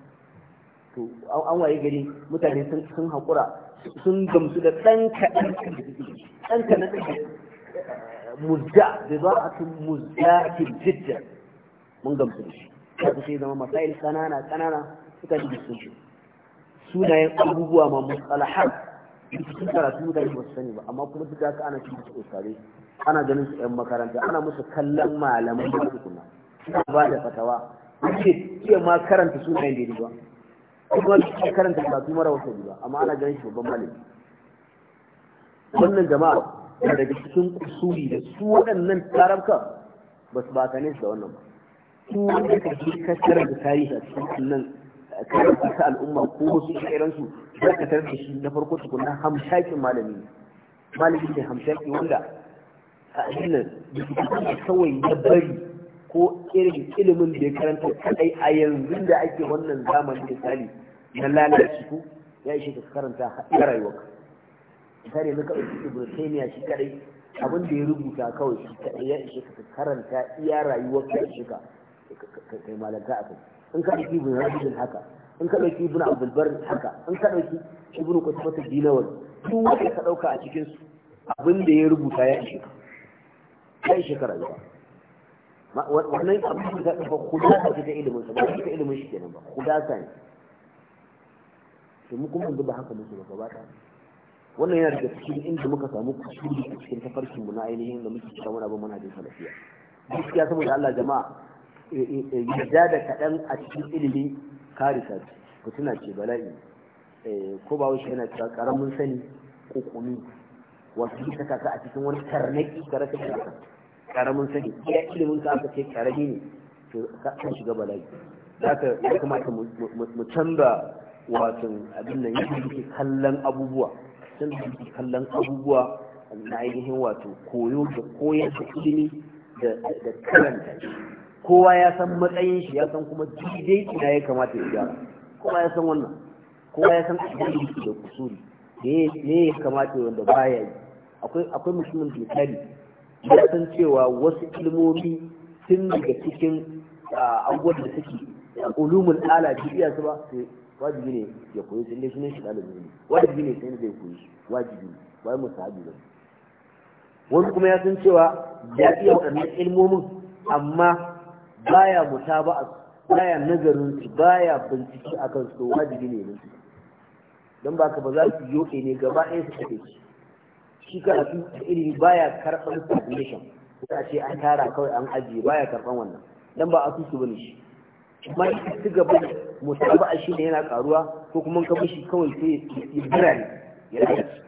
to an waye gari mutane sun haƙura sun gamsu da dan kadan dan kadan muzda da eh, za a muzda kin jidda mun gamsu da shi kasu sai zama masail kanana kanana suka ji sun shi sunayen abubuwa ma musalahar sun karatu mutane ba su sani ba amma kuma duk da haka ana cikin su tsare ana ganin su 'yan makaranta ana musu kallon malaman da su kuma suna ba da fatawa ake iya ma karanta sunayen daidai ba kuma karanta karatu mara wasu ba amma ana ganin malami wannan jama'a da daga cikin kusuri da su waɗannan tarabka ba su ba ne da wannan ba su wanda ka ji ka karanta tarihi a cikin nan karanta ta al'umma ko wasu iransu za ka tarar da shi na farko kunna hamshakin malami malami ne hamshakin wanda a inda da kawai ya bari ko irin ilimin da ya karanta kadai a yanzu da ake wannan zamani misali na lalace ku ya ishe ka karanta rayuwa. rayuwarka misali na kawai su ibn taymiya shi kadai abin da ya rubuta kawai shi kadai ya ishe ka karanta iya rayuwarka ya ishe ka kai malaka a kai in ka ɗauki ibn rajulin haka in ka ɗauki ibn abdulbar haka in ka ɗauki ibn kutubatu dinawal duk wanda ka ɗauka a cikinsu abin da ya rubuta ya ishe ka ya ishe ka rayuwa wannan abin da ka kudasa ta ilimin sa ba ta ilimin shi kenan ba kudasa ne to mu kuma ba haka muke ba ba ta wannan yana daga cikin inda muka samu kusuri a cikin tafarkin mu na ainihin da muke cikin wani abin manhajin salafiya gaskiya saboda Allah jama'a eh, eh, eh, yadda da kaɗan a cikin ilimi karisa ku tuna ce bala'i ko ba wuce yana cewa ƙaramin sani ko kuni wasu ta kaka a cikin wani karnaki ka rasa karamin sani ya ilimin ka aka ce karami ne to kan shiga bala'i zaka ya kamata mu canza wato abin nan yadda muke kallon abubuwa canza muke kallon abubuwa na ainihin wato koyo da koyar da ilimi da karanta kowa ya san matsayin shi ya san kuma daidai ina ya kamata ya gyara kowa ya san wannan kowa ya san abin da da kusuri ne ya kamata wanda baya yi akwai mutumin da tari. ya san cewa wasu ilmomi sun daga cikin abubuwan da suke ulumin ala jiriya su ba wajibi ne ya koyi sun dai sunan shi ɗalibi ne wajibi ne sai zai koyi shi wajibi ne wai musahabi ba wani kuma ya san cewa ya iya waɗannan ilmomin amma baya mutaba'a baya nazarin su baya bincike akan su wajibi ne ne don ba ka ba za su yoke ne gaba ɗaya su kaɗe shi shi karatu da ilimi baya karɓar submission ko a ce an tara kawai an ajiye baya karɓar wannan dan ba asusu bane shi amma shi ci gaba a shi ne yana karuwa ko kuma ka shi kawai sai ya birane ya lalace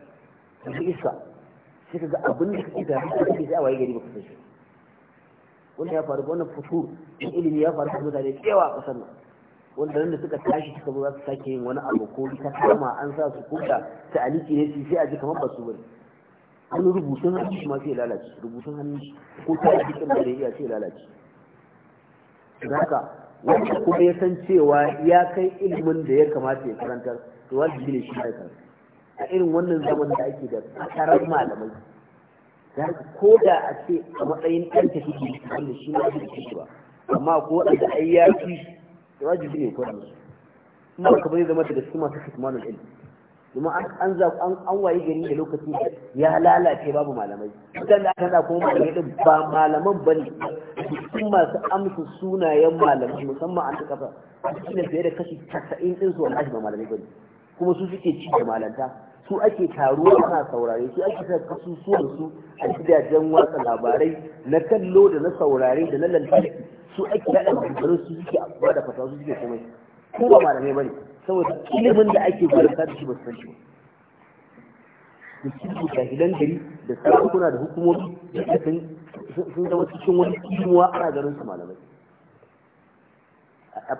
yanzu iska sai kaga abin da kake da kake sai waye gari san shi wanda ya faru wannan futur ilimi ya faru da mutane da yawa a ƙasar nan wanda nan da suka tashi suka zo za su sake yin wani abu ko ta kama an sa su kuka ta aliki ne sai a ji kamar ba su bane wani rubutun hannu shi ma sai lalace rubutun hannu shi ko ta yi cikin da ya sai lalace haka wanda kuma ya san cewa ya kai ilimin da ya kamata ya karanta, to wajibi ne shi ya karanta a irin wannan zaman da ake da karar malamai da ko da a ce a matsayin ɗan tafi wanda shi ma bai shi ba amma ko da ai ya ci wajibi ne ko da su kuma kamar zama da su masu kitmanul ilmi kuma an an waye gari da lokacin ya lalace babu malamai dan da aka da kuma malamai din ba malaman bane sun masu amsa sunayen malamai musamman an kafa cikin fiye da kashi 90 din su wallahi ba malamai bane kuma su suke ci da malanta su ake taruwa ana saurare su ake sa kasusuwan su a gidajen watsa labarai na kallo da na saurare da na lantarki su ake yada maganganun su suke abuwa da fata su suke komai ko ba malamai bane saboda ilimin da ake barka da shi ba san shi da cikin jahilan gari da sarakuna da hukumomi sun zama cikin wani kimuwa ana garin su malamai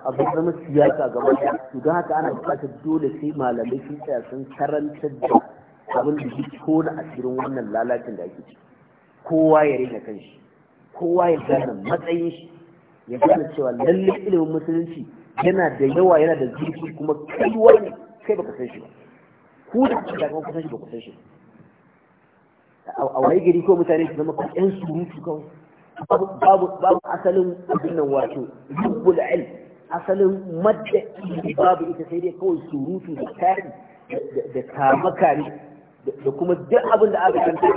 abu ya siyasa gaba da su don haka ana bukatar dole sai malamai sun tsaya sun karantar da abin da ke asirin wannan lalacin da ake ciki kowa ya rena shi, kowa ya gane matsayin shi ya gane cewa lallai ilimin musulunci yana da yawa yana da zurfi kuma kai wani kai baka san shi ba ku da kuka da kuka san shi baka san shi a wani gari ko mutane su zama kusan surutu kawai babu babu asalin abin nan wato yubbul ilm asalin madda babu ita sai dai kawai surutu da tari da kamakari da kuma duk abin da aka kanta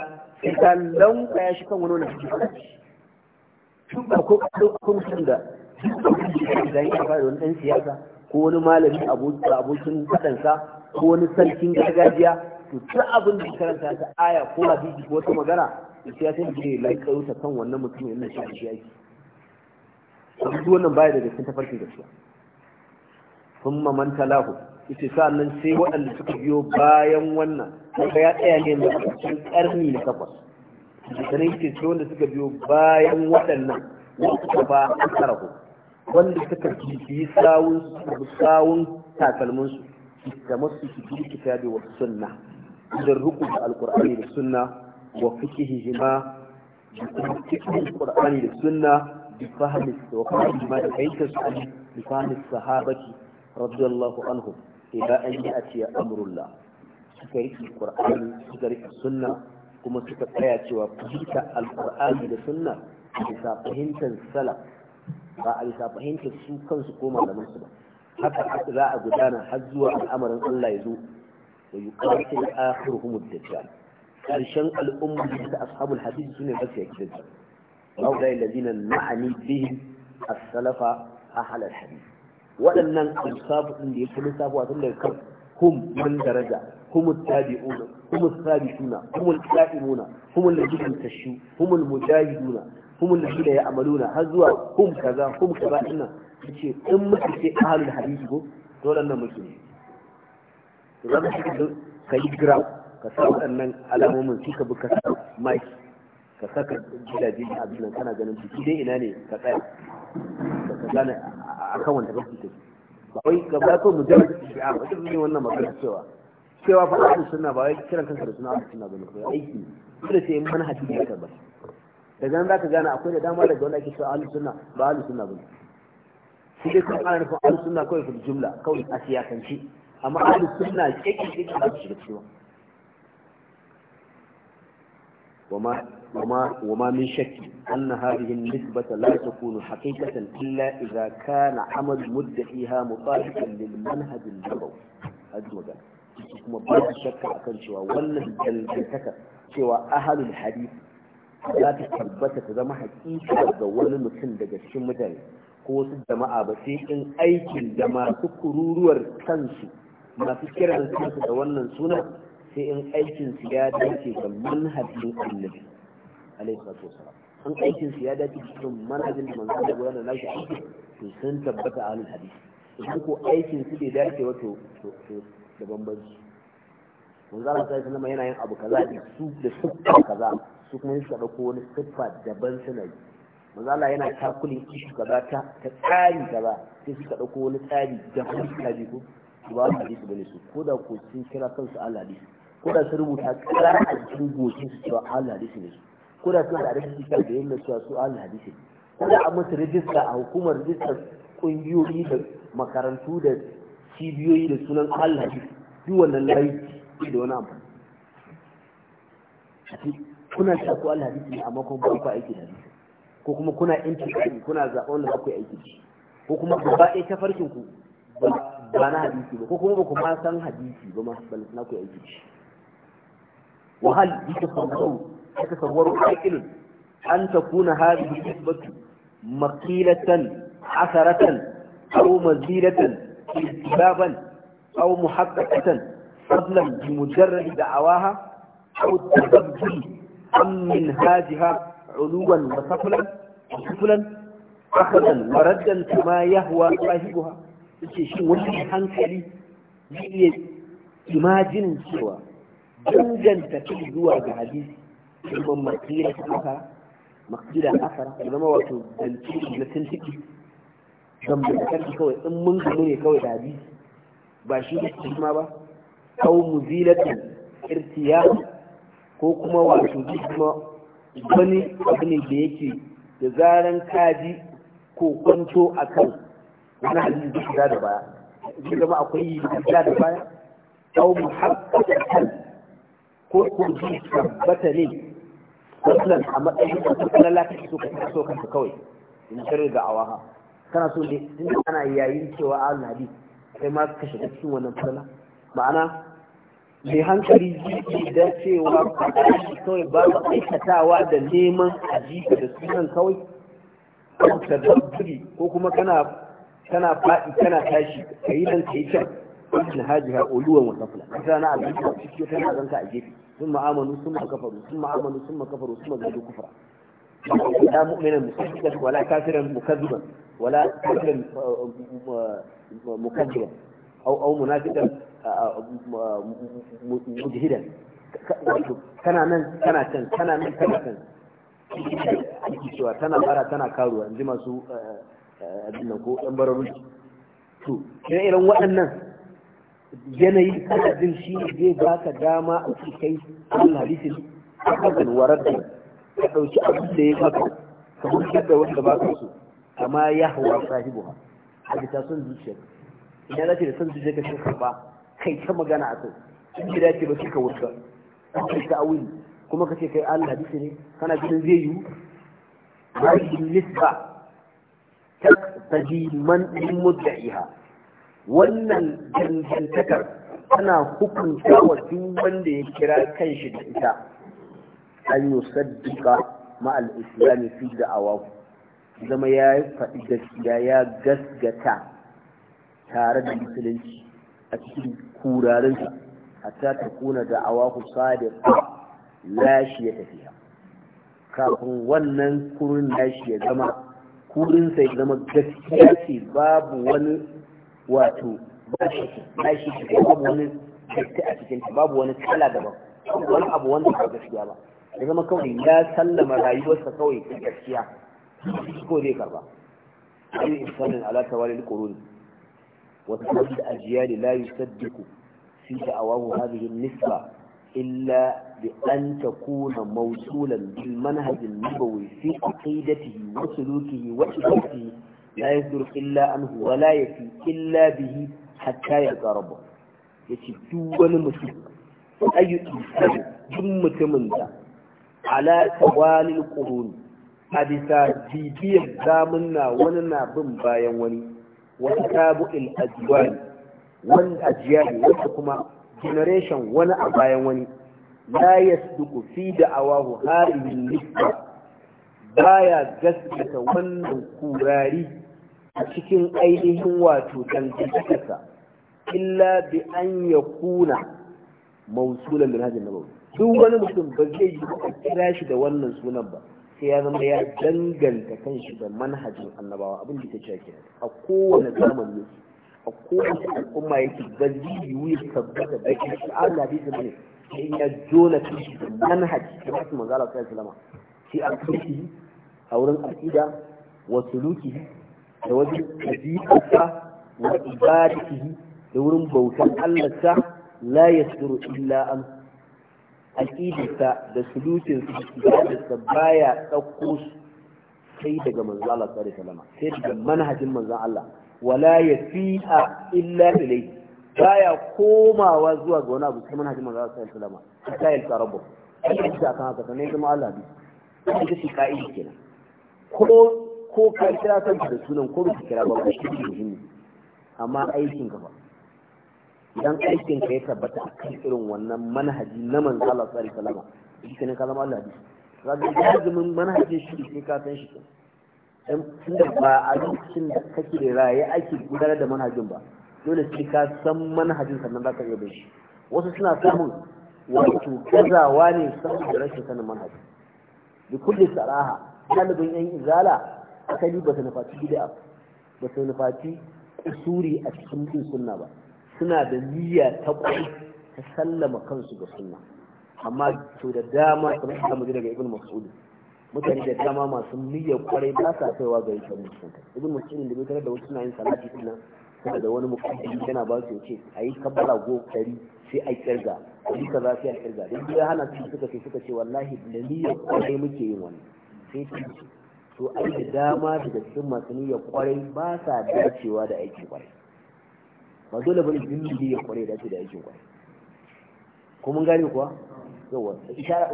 sai ka lanka shi kan wani wani shi ba ko ko da idan ya fara wani ɗan siyasa ko wani malami abokin faɗansa ko wani sarkin gargajiya to duk abin da karanta ta aya ko hadisi ko wata magana sai ya san je laikaro ta kan wannan mutum yana shi shi yake duk wannan baya daga cikin tafarkin gaskiya thumma man talahu ita sa'annan sai waɗanda suka biyo bayan wannan kaga ya tsaya ne mai cikin karni na takwas sanin ke wanda suka biyo bayan waɗannan wanda ba a karahu wanda suka bibiyi sawun sawun takalmin su da masu cikin kitabi wa sunna da ruku da alqur'ani da sunna wa fiqhihima da kuma cikin alqur'ani da sunna bi fahmi wa fahmi ma da kaita su bi fahmi sahabati radiyallahu anhum ila an ya'ti amrullah suka riki qur'ani suka riki sunna kuma suka tsaya cewa fahimta alqur'ani da sunna bisa fahimtar salaf ba a bisa fahimtar su kansu koma malaman su ba haka haka za a gudana har zuwa al'amarin Allah ya zo wa yuqatil akhiruhum ad-dajjal karshen al'umma da ashabul hadith sune ba su yake dajjal هؤلاء الذين نعني بهم السلف أهل الحديث waɗannan alsabu ɗin da ya fi lissafu a tsallar kan hum man daraja humul tabi'una humul sabiquna humul qa'imuna humul tashu humul mujahiduna ya ladina ya'maluna har zuwa hum kaza hum kaza dinnan yace in muka ce ahlul hadisi ko dole nan muke to zan shi ka yi gira ka sa waɗannan alamomin su ka bi ka ka saka gidaje a nan kana ganin su dai ina ne ka tsaya ka ka gane akan wanda kake take ba wai ka ba ko mu jira shi a wajen ne wannan magana cewa cewa fa ahlus sunna ba wai kiran kanka da sunna ahlus sunna ko aiki ne dole sai in manhaji ne ka daga za zaka gane akwai da dama daga wanda ake cewa ahlus sunna ba ahlus sunna bane shi dai kuma ana nufin ahlus sunna kawai fil jumla kawai a siyasance amma ahlus sunna kike kike ba su shiga cikin وما وما وما من شك أن هذه النسبة لا تكون حقيقة إلا إذا كان عمل مدعيها مطابقا للمنهج النبوي هذا المجال kuma ba su shakka akan cewa wannan dangantaka cewa ahalul hadith za ta tabbata ta zama hakika ga wani mutum daga cikin mutane ko wasu jama'a ba sai in aikin da masu kururuwar kansu masu kiran kansu da wannan suna sai in aikin su ya dace ga manhajin annabi alaihi salatu wasalam an aikin su ya dace cikin manhajin da manzo da gudanar da aiki? to sun tabbata a halin hadisi ko aikin su bai dace wato to da bambanci manzo Allah sallallahu yana yin abu kaza da su da su kaza su kuma suka ko wani siffa daban suna yi mazala yana takulin ishi kaza ta ta tsari kaza sai suka ko wani tsari daban su kaji ko su ba su hadisi bane su ko da ko sun kira kansu al hadisi ko da sun rubuta kara a cikin goshin su cewa al hadisi ne su ko da suna da hadisi da yamma cewa su al hadisi ne ko da an musu rijista a hukumar rijistar kungiyoyi da makarantu da cibiyoyi da sunan al hadisi duk wannan layi da wani amfani kuna sha ku Allah hadisi ne amma kuma ba ku aiki da hadisi ko kuma kuna intikari kuna zaɓen da ku aiki da ko kuma ku ba ɗaya tafarkin ku ba na hadisi ba ko kuma ba ku ma san hadisi ba ma ba na ku aiki da wahal bi ta ka tasawwuru aqilun an takuna hadhihi nisbatu maqilatan asaratan aw mazilatan istibaban aw muhaqqaqatan fadlan bi mujarrad da'awaha aw tadabbi أم من هذه علوا وسفلا وسفلا أخذا وردا كما يهوى صاحبها شو وجه حنكري هي إماجن سوى جنجا تكذوا بحديث إمام مقيرة أخا مقيرة أخرى إمام وقتو بلتوش لتنسكي جنب الكرد كوي أم من كمني كوي بحديث باشيك السلمة أو مزيلة ارتياح ko kuma wato ji kuma wani abu ne da yake da zaran kaji ko kwanto a kan wani halin da shiga da baya zai zama akwai yi shiga da baya au muhabbatan kan ko ko ji tabbata ne wannan a matsayin da kuma lalata su ka so kanta kawai in shirya da awaha kana so ne in ana yayin cewa ahlul hadith kai ma ka shiga cikin wannan falala ma'ana mai hankali jiki da cewa kawai ba su aikatawa da neman jika da sunan kawai ta dabbiri ko kuma kana kana faɗi kana tashi ka yi nan ka yi can wajen haji ha oluwan wata fula Kusa na a cikin suke tana zanka a gefe sun ma'amanu sun makafaru sun ma'amanu sun makafaru sun magaji kufra لا مؤمنا مصدقا Wala كافرا مكذبا ولا كافرا مكذبا او او منافقا mujhidan kana nan kana can kana nan kana can ake cewa tana bara tana karuwa in ji masu abin nan ko yan bararu to ire irin waɗannan yanayi kana jin shi zai ka dama a kai Allah hadisin akan waradda ka dauki abin da ya baka ka hutar da wanda ka so amma ya hawa sahibuha a bisa son zuciya idan zaka da son zuciya ka shi karɓa. kai ta magana a kai in gida ce ba kika wuta kai ta awili kuma kace kai Allah hadisi ne kana gidan zai yi hadisi nisba taqtadi man mudda'iha wannan dangantakar tana hukunta wa duk wanda ya kira kan shi da ita an yusaddiqa ma al-islam fi da'awahu zama ya faɗi gaskiya ya gasgata tare da musulunci a cikin kurarinsa hatta ta kuna da awaku sadiq lashi ya tafiya kafin wannan kurin lashi ya zama kurinsa ya zama gaskiya ce babu wani wato lashi ce babu wani gaske a cikin babu wani kala daban wani abu wanda ba gaskiya ba ya zama kawai ya sallama rayuwarsa kawai ta gaskiya ko zai karba ayi isanin ala tawalil qurun وتعدد أجيال لا يصدق في دعواه هذه النسبة إلا بأن تكون موصولا بالمنهج النبوي في عقيدته وسلوكه وإبادته لا يصدر إلا عنه ولا يفي إلا به حتى يلقى ربه yace duk wani mutum ayu isani duk mutumin da ala tawalil qurun a bisa bibiyar zamunna wani na bin bayan wani wani tabu'il ajiyari wani ajiyari wanda kuma generation wani a bayan wani la yasduku fi da'awahu harimin nisba baya gaskata wannan kurari a cikin ainihin wato dangantakarsa illa bi an ya kuna mausulan min hajjin nabawi duk wani mutum ba zai yi kira shi da wannan sunan ba sai ya zama ya danganta kanshi da manhajin annabawa abin da take cewa a kowane zamani yake a kowace al'umma yake ba zai yiwu ya tabbata da ke shi'ar da hadisi ne sai ya jona kanshi da manhaji da wasu manzala sai salama sai a kanshi a wurin al'ida wasu suluki da wajen ɗabi'arsa wa ibadatihi da wurin bautan Allah la yasduru illa an aqidarsa da sulukinsa da ba ya ɗauko su sai daga manzon Allah sallallahu alaihi sai daga manhajin manzon Allah wala yafi'a illa ilayhi ya komawa zuwa ga wani abu sai manhajin manzon Allah sallallahu alaihi wasallam hatta yalqa rabbuh ake ci akan haka sannan kuma Allah bi ita ce ka'idi kenan ko ko ka kira kanka da sunan ko ka kira ba ba shi ne amma aikin ka ba idan aikin ka ya tabbata a kan irin wannan manhaji na manzala tsari salama alaihi wasallam shi ne ka zama Allah hadisi zaka ga azumin manhajin shi ne ka san shi dan tunda ba a lokacin da kake raye ake gudanar da manhajin ba dole sai ka san manhajin sannan zaka iya bin shi wasu suna samun wato gazawa ne saboda rashin sanin manhaji da kulli saraha talibin yan izala akali ba su nufaci bid'a ba su nufaci usuri a cikin bin sunna ba suna da niyya ta kwai ta sallama kansu ga sunna amma to da dama kamar da mu daga ibn mas'ud mutane da dama masu niyyar kwarai ba sa kaiwa ga ita musu. ibn mas'ud da bai da wasu suna yin salati suna suna da wani mukaddimi yana ba su yace ayi kabbala go kari sai a kirga ayi kaza sai a kirga dan ya hana su suka ce suka ce wallahi da niyyar kwarai muke yin wannan sai to ai da dama daga cikin masu niyyar kwarai ba sa dacewa da aiki kwarai ba dole bane dindin ya kware da da aikin kware ko mun gane kuwa yawa ishara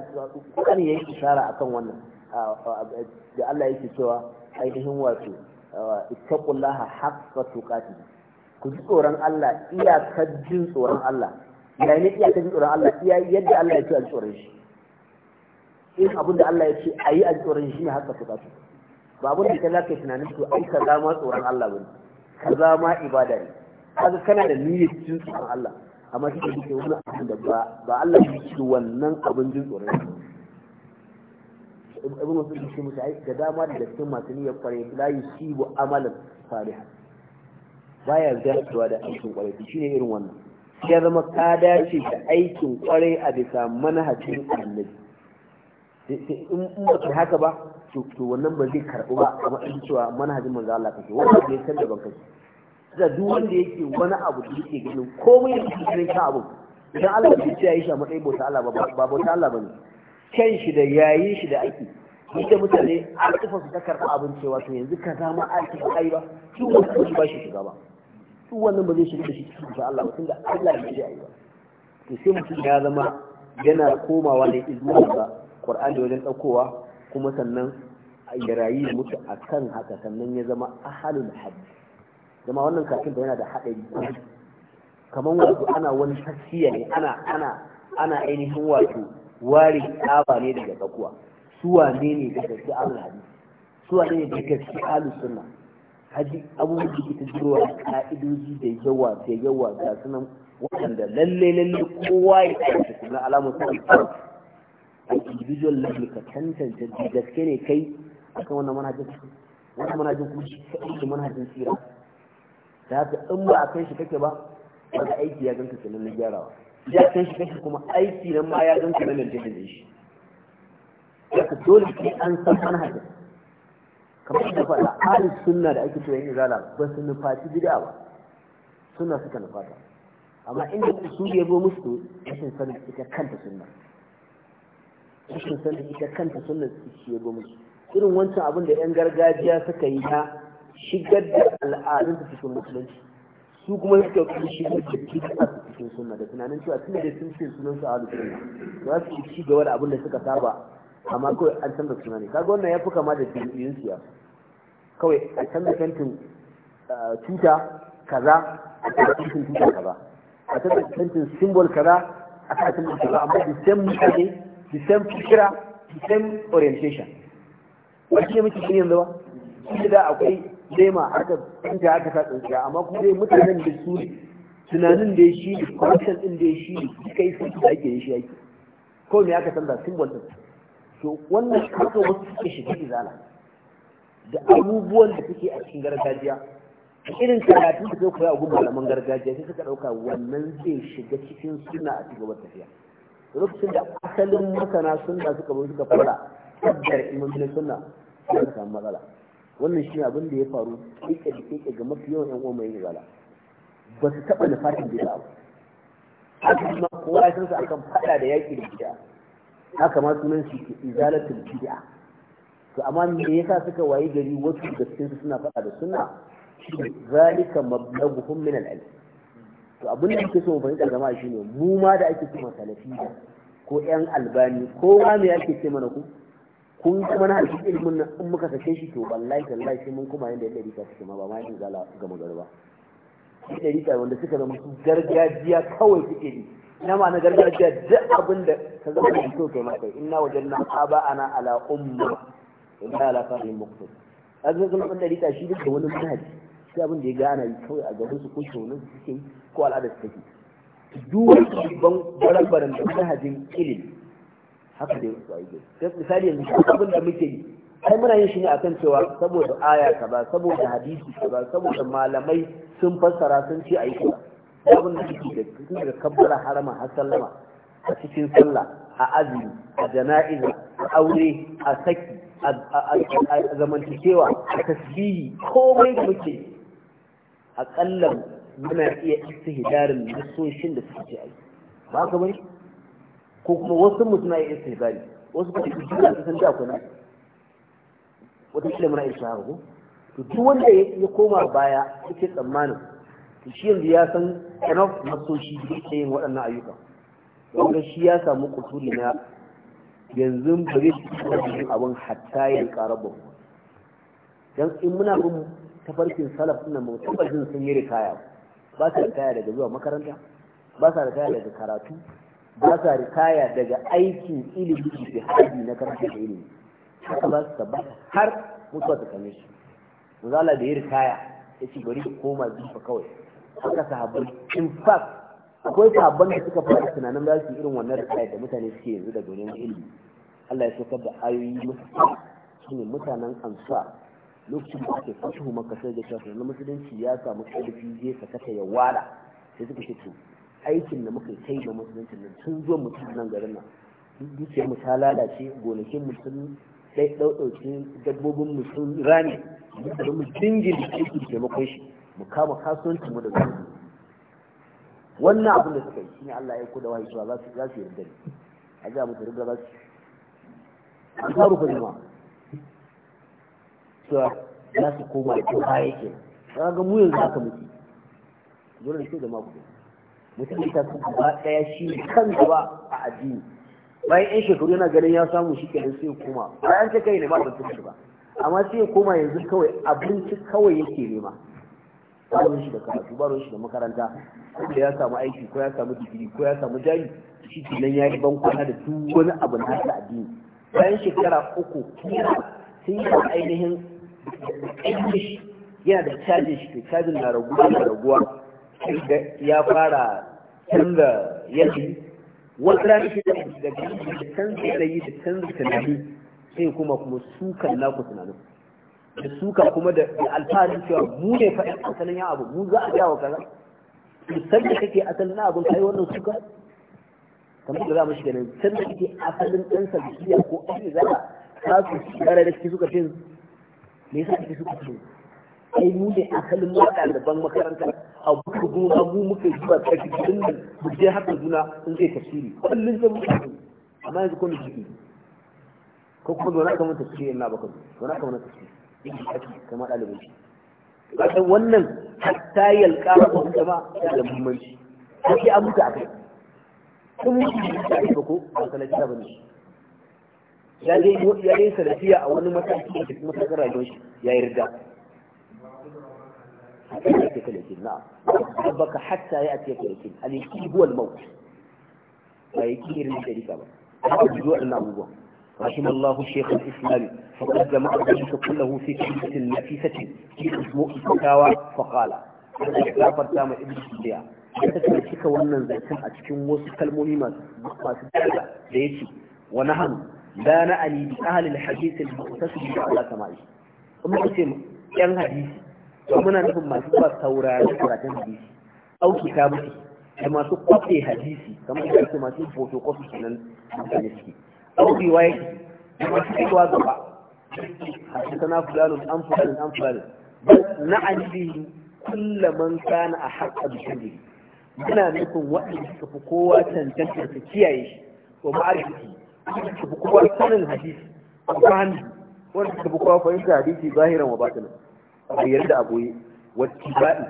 kokarin yayi ishara akan wannan da Allah yake cewa ainihin wato ittaqullaha haqqa tuqati ku ji tsoron Allah iyakar jin tsoron Allah Ya yayin iyakar jin tsoron Allah iya yadda Allah ya ce a tsoron shi in abin da Allah ya ce a yi a tsoron shi ne haka tuqati ba abin da ka zaka tunanin to ai kaza ma tsoron Allah bane kaza ma ibada ne kaga kana da niyyar jin tsoron Allah amma shi kake wani abin da ba ba Allah ya ci wannan abin jin tsoron ibn Mas'ud shi mutai da dama da cikin masu niyyar kware la yusibu amalan salihan baya dacewa da aikin kwarai shine irin wannan ya zama ka dace da aikin kware a bisa manhajin annabi in ba ka haka ba to wannan ba zai karɓu ba a in cewa manhajin manzo Allah kake wannan ne san da ban da duk wanda yake wani abu da yake ganin komai da yake ganin kan abu idan Allah bai ce yayi shi a matsayin bauta Allah ba ba bauta Allah bane kan shi da yayin shi da ake yake mutane a tufa su ta karɓa abin cewa to yanzu ka zama aiki ba ai ba su wannan ba shi shiga ba su wannan ba zai shiga da shi cikin sa Allah ba tunda Allah bai ce ai ba to sai mutum ya zama yana komawa ne zuwa ga Qur'ani da wajen ɗaukowa kuma sannan ya rayu mutu akan haka sannan ya zama ahalul hadith kuma wannan kafin da yana da haɗari kamar wato ana wani tasiya ne ana ana ana ainihin wato ware tsaba ne daga tsakuwa suwa ne ne da gaske ahlul su wane ne da gaske ahlus sunna haji abubuwan da kita jirowa ka'idoji da yawa da yawa ga sunan waɗanda lalle lalle kowa ya su na alamun sun a individual level ka tantance da gaske ne kai akan wannan manhajin wannan manhajin kuma shi kaɗai manhajin tsira da haka in ba a kai shi kake ba wani aiki ya ganka kenan na gyarawa ya kai shi kake kuma aiki nan ma ya ganka na lantarki da shi ka dole ke an san manhajar kamar da faɗa alif sunna da ake cewa yin zala ba su nufaci gida ba sunna suka nufata amma inda su ya zo musu rashin sanin ita kanta sunna rashin sanin ita kanta sunna su ya zo musu irin wancan abin da yan gargajiya suka yi na shigar da al'adun su cikin musulunci su kuma suka kuma shigar da bid'a su cikin sunna da tunanin cewa tun da sun ce sunan su ahlus sunna za su ci gaba da abin da suka saba amma kawai an canza suna ne kaga wannan ya fi kama da bid'in siya kawai a canza kantin tuta kaza a canza kantin tuta kaza a canza kantin symbol kaza a canza tuta kaza amma the same mutane the same fikira the same orientation wani ne muke shi yanzu ba shi da akwai lema in tsinta aka sa tsinci amma kuma dai mutanen da su tunanin da ya shi ne corruption din da ya shi ne suka yi sun da ake shi yake kawai ne aka canza symbol din to wannan haka wasu suke shiga izala da abubuwan da suke a cikin gargajiya irin karatu da zai koya a malaman gargajiya sai suka ɗauka wannan zai shiga cikin suna a cikin wata tafiya lokacin da asalin masana suna suka bar suka fara tabbar imamin sunna sai suka samu matsala wannan shi abin da ya faru kike da kike ga mafi yawan yan uwan mai izala ba su taɓa nufatin bid'a ba haka kuma kowa ya san akan fada da yaƙi da bid'a haka ma sunan shi ke izalatul bid'a to amma me yasa suka wayi gari wasu da cikin suna fada da suna? shi zalika mablaguhum min al-ilm to abin da yake so mu fahimta jama'a shine mu ma da ake cewa salafiyya ko yan albani kowa me ake ce mana ku kun kuma na harshen ilimin nan in muka sake shi to wallahi tallahi sai mun kuma yanda yadda rika suke ma ba ma yin zala ga magarba ɗari rika wanda suka zama su gargajiya kawai suke yi Na ma na gargajiya duk abin da ka zama da so kai maka ina wajen na aba ana ala umma inna ala fahim muktus a zai zama ɗari rika shi duk da wani manhaji sai abin da ya gana yi kawai a garin su ko shonin suke yi ko al'adar su take duk wani babban baran-baran da manhajin ilimi haka dai su aiki sai misali yanzu abin da muke yi kai muna yin shi ne akan cewa saboda aya ba saboda hadisi ba saboda malamai sun fassara sun ci aiki ba abin da yake da daga kabbara harama har sallama a cikin sallah a azumi a jana'iza a aure a saki a zamantakewa a tasbihi komai da muke kallon muna iya hidarin nasoshin da suke aiki ba ka bari. ko kuma wasu mutum ya yi gari wasu ba su jira su san da kuna wata kila muna isa ko to duk wanda ya koma baya yake tsammanin to shi yanzu ya san enough masoshi da yake yin waɗannan ayyuka wanda shi ya samu kuturi na yanzu ba zai ci abin hatta ya ƙara babu dan in muna bin tafarkin salaf ɗin mu tabbacin sun yi ritaya ba sa ritaya daga zuwa makaranta ba sa ritaya daga karatu ba sa rikaya daga aikin ilimi ijtihadi na karfe da ilimi haka ba su tabbata har mutuwa ta kame su manzala da ya rikaya ya ce bari ka koma zufa kawai haka sahabbai in fact akwai sahabban da suka fara tunanin za su irin wannan rikaya da mutane suke yanzu daga wani ilimi Allah ya saukar da ayoyi ta su ne mutanen ansa lokacin da ake fashe maka sai da na musulunci ya samu ƙarfi zai sakata ya wala sai suka ce to aikin da muka kai ga musulunci nan tun zo mutum nan garin nan dukiyar mu ta lalace gonakin mu sun ɗauɗauki dabbobin mu sun rani da mu dingin da aiki da taimakon shi mu kama kasuwancin mu da zuwa wannan abin da suka yi shine Allah ya aiko da cewa za su za su yarda ne a ga musu da za su an faru fa jama'a to za su koma ko kowa yake ga mu yanzu haka muke dole sai da ma ku mutum su gaba daya shi kan gaba a addini bayan yan shekaru yana ganin ya samu shi kenan sai koma bayan ta kai ne ba da tunshi ba amma sai koma yanzu kawai abinci kawai yake nema ba ruwan shi da karatu ba ruwan shi da makaranta da ya samu aiki ko ya samu digiri ko ya samu jari shi kenan ya yi bankwana da duk wani abu na hasa addini bayan shekara uku sun yi ainihin ainihin yana da cajin shi ke cajin na raguwa na raguwa ya fara canza yanayi wata rana shi da canza yanayi da canza tunani sai kuma kuma sukan naku tunanin da suka kuma da alfaharin cewa mu ne fa ɗan asalin ya abu mu za a jawo kaza san da kake asalin abin kai wannan suka kamar da za mu shiga nan san da kake asalin ɗan sabiya ko ɗan za a sa su gara da suke suka fin me yasa kake suka cin ai mu ne asalin mu da daban makaranta abu da gona mu muka yi ba tsaki din nan mu je haka juna in zai tafsiri kullun zai mutu amma yanzu kun jiki ko kuma zo na kamar tafsiri na baka zo na kamar tafsiri yake kake kamar dalibin shi kasan wannan hatta yalka ba mu ba da muhimmanci sai an mutu akai kun mutu da ba ko ba kana jira bane ya dai ya dai salafiya a wani mataki da kuma sakar rayuwar shi ya yarda حتى يأتيك اليقين نعم ربك حتى يأتيك اليقين اليقين هو الموت فيكين من ذلك الجوع المعبوة رحم الله الشيخ الإسلامي فقد جمع ذلك كله في كلمة نفيسة في اسمه الفتاوى فقال ya farta ma ibn Juliya ita ta cika wannan zaitun a cikin wasu kalmomi masu daraja da yake wa nahnu la na'ani bi ahli al-hadith yan hadisi to muna nufin masu ba saurari karatun hadisi au kitabuki da masu kwafe hadisi kamar da ake masu photocopy kenan mutane suke au riwayati da masu kaiwa gaba حدثنا فلان عن فلان عن فلان بل نعن به كل من كان أحق بحمده muna nufin waɗanda suka fi kowa cancanta su kiyaye shi wa ma'arifi wanda suka fi kowa sanin hadisi wa fahimta wanda suka fi kowa fahimta hadisi zahiran wa batinan bayyana da aboye wacce ba'i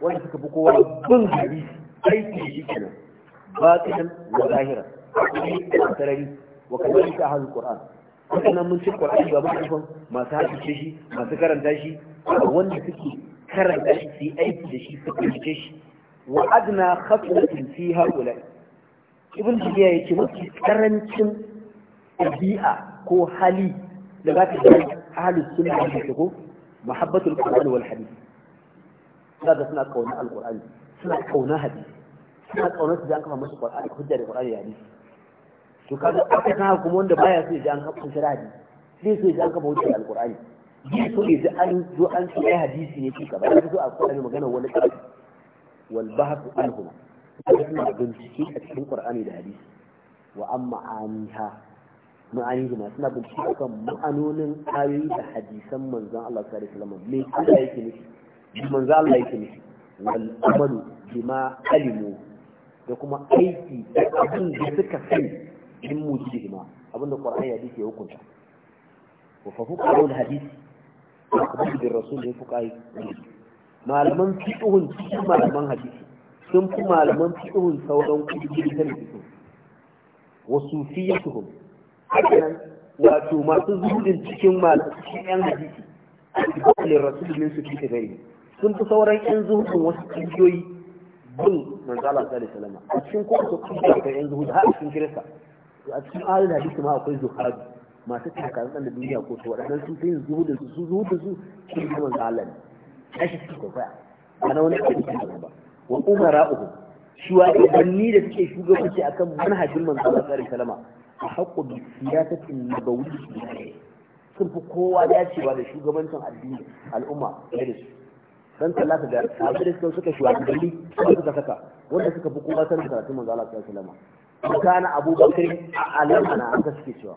wanda suka fi kowa bin gari aiki shi kenan batinan wa zahira a sarari wa kalmar ta hannun qur'an haka nan mun ci qur'ani ba ba nufin masu hajjace shi masu karanta shi a wanda suke karanta shi su yi aiki da shi su fahimce shi wa adna khatlatin fi haula ibn jibiya yake mafi karancin ɗabi'a ko hali da za ta yi ahalus sunna da ko mahabbatul qur'an wal hadith kaga suna kauna alqur'ani suna kauna hadisi suna kauna su da an kafa musu qur'ani hujja da qur'ani ya hadisi kuma wanda baya so ya an kafa hujja hadisi zai so ya an kafa hujja alqur'ani zai so ya ji an zo an ce ai hadisi ne kika ba so a qur'ani magana wani kafi wal bahth a cikin qur'ani da wa amma ma'anihima suna bincike kan ma'anonin ayoyi da hadisan manzan Allah sallallahu alaihi wasallam me Allah yake nufi manzon Allah yake nufi wal amalu bima alimu da kuma aiki da abin da suka sani min mujibihima abinda Qur'ani ya dace hukunta wa fa fuqaru al hadisi akbar bil rasul fuka fuqai malaman fiqhun cikin malaman hadisi sun fi malaman fiqhun sauran kudi da fiqh wa sufiyatuhum hakanan wato masu zuhudin cikin masu cikin yan hadisi a cikin rasul min su kike gari sun fi sauran yan zuhudin wasu kungiyoyi bin manzo Allah sallallahu alaihi wasallam a cikin kowace kungiya da yan zuhudi har a cikin kirista a cikin ahlul hadisi ma akwai zuhadu masu takarun da duniya ko to waɗannan sun fi yin zuhudin su su zuhudin su cikin manzo Allah ne kashi su kwaikwaya ba na wani abu da ba wa umara'uhum ni da suke shugabanci akan manhajin manzo Allah sallallahu alaihi wasallam a haƙo da siyasatin nabawi sun fi kowa dacewa da shugabancin addini al'umma da su dan kalla ka ga abin da suka shugabanni suka suka saka wanda suka fi kowa sanin karatun manzo Allah sallallahu alaihi wasallam kana abubakar alamana haka suke cewa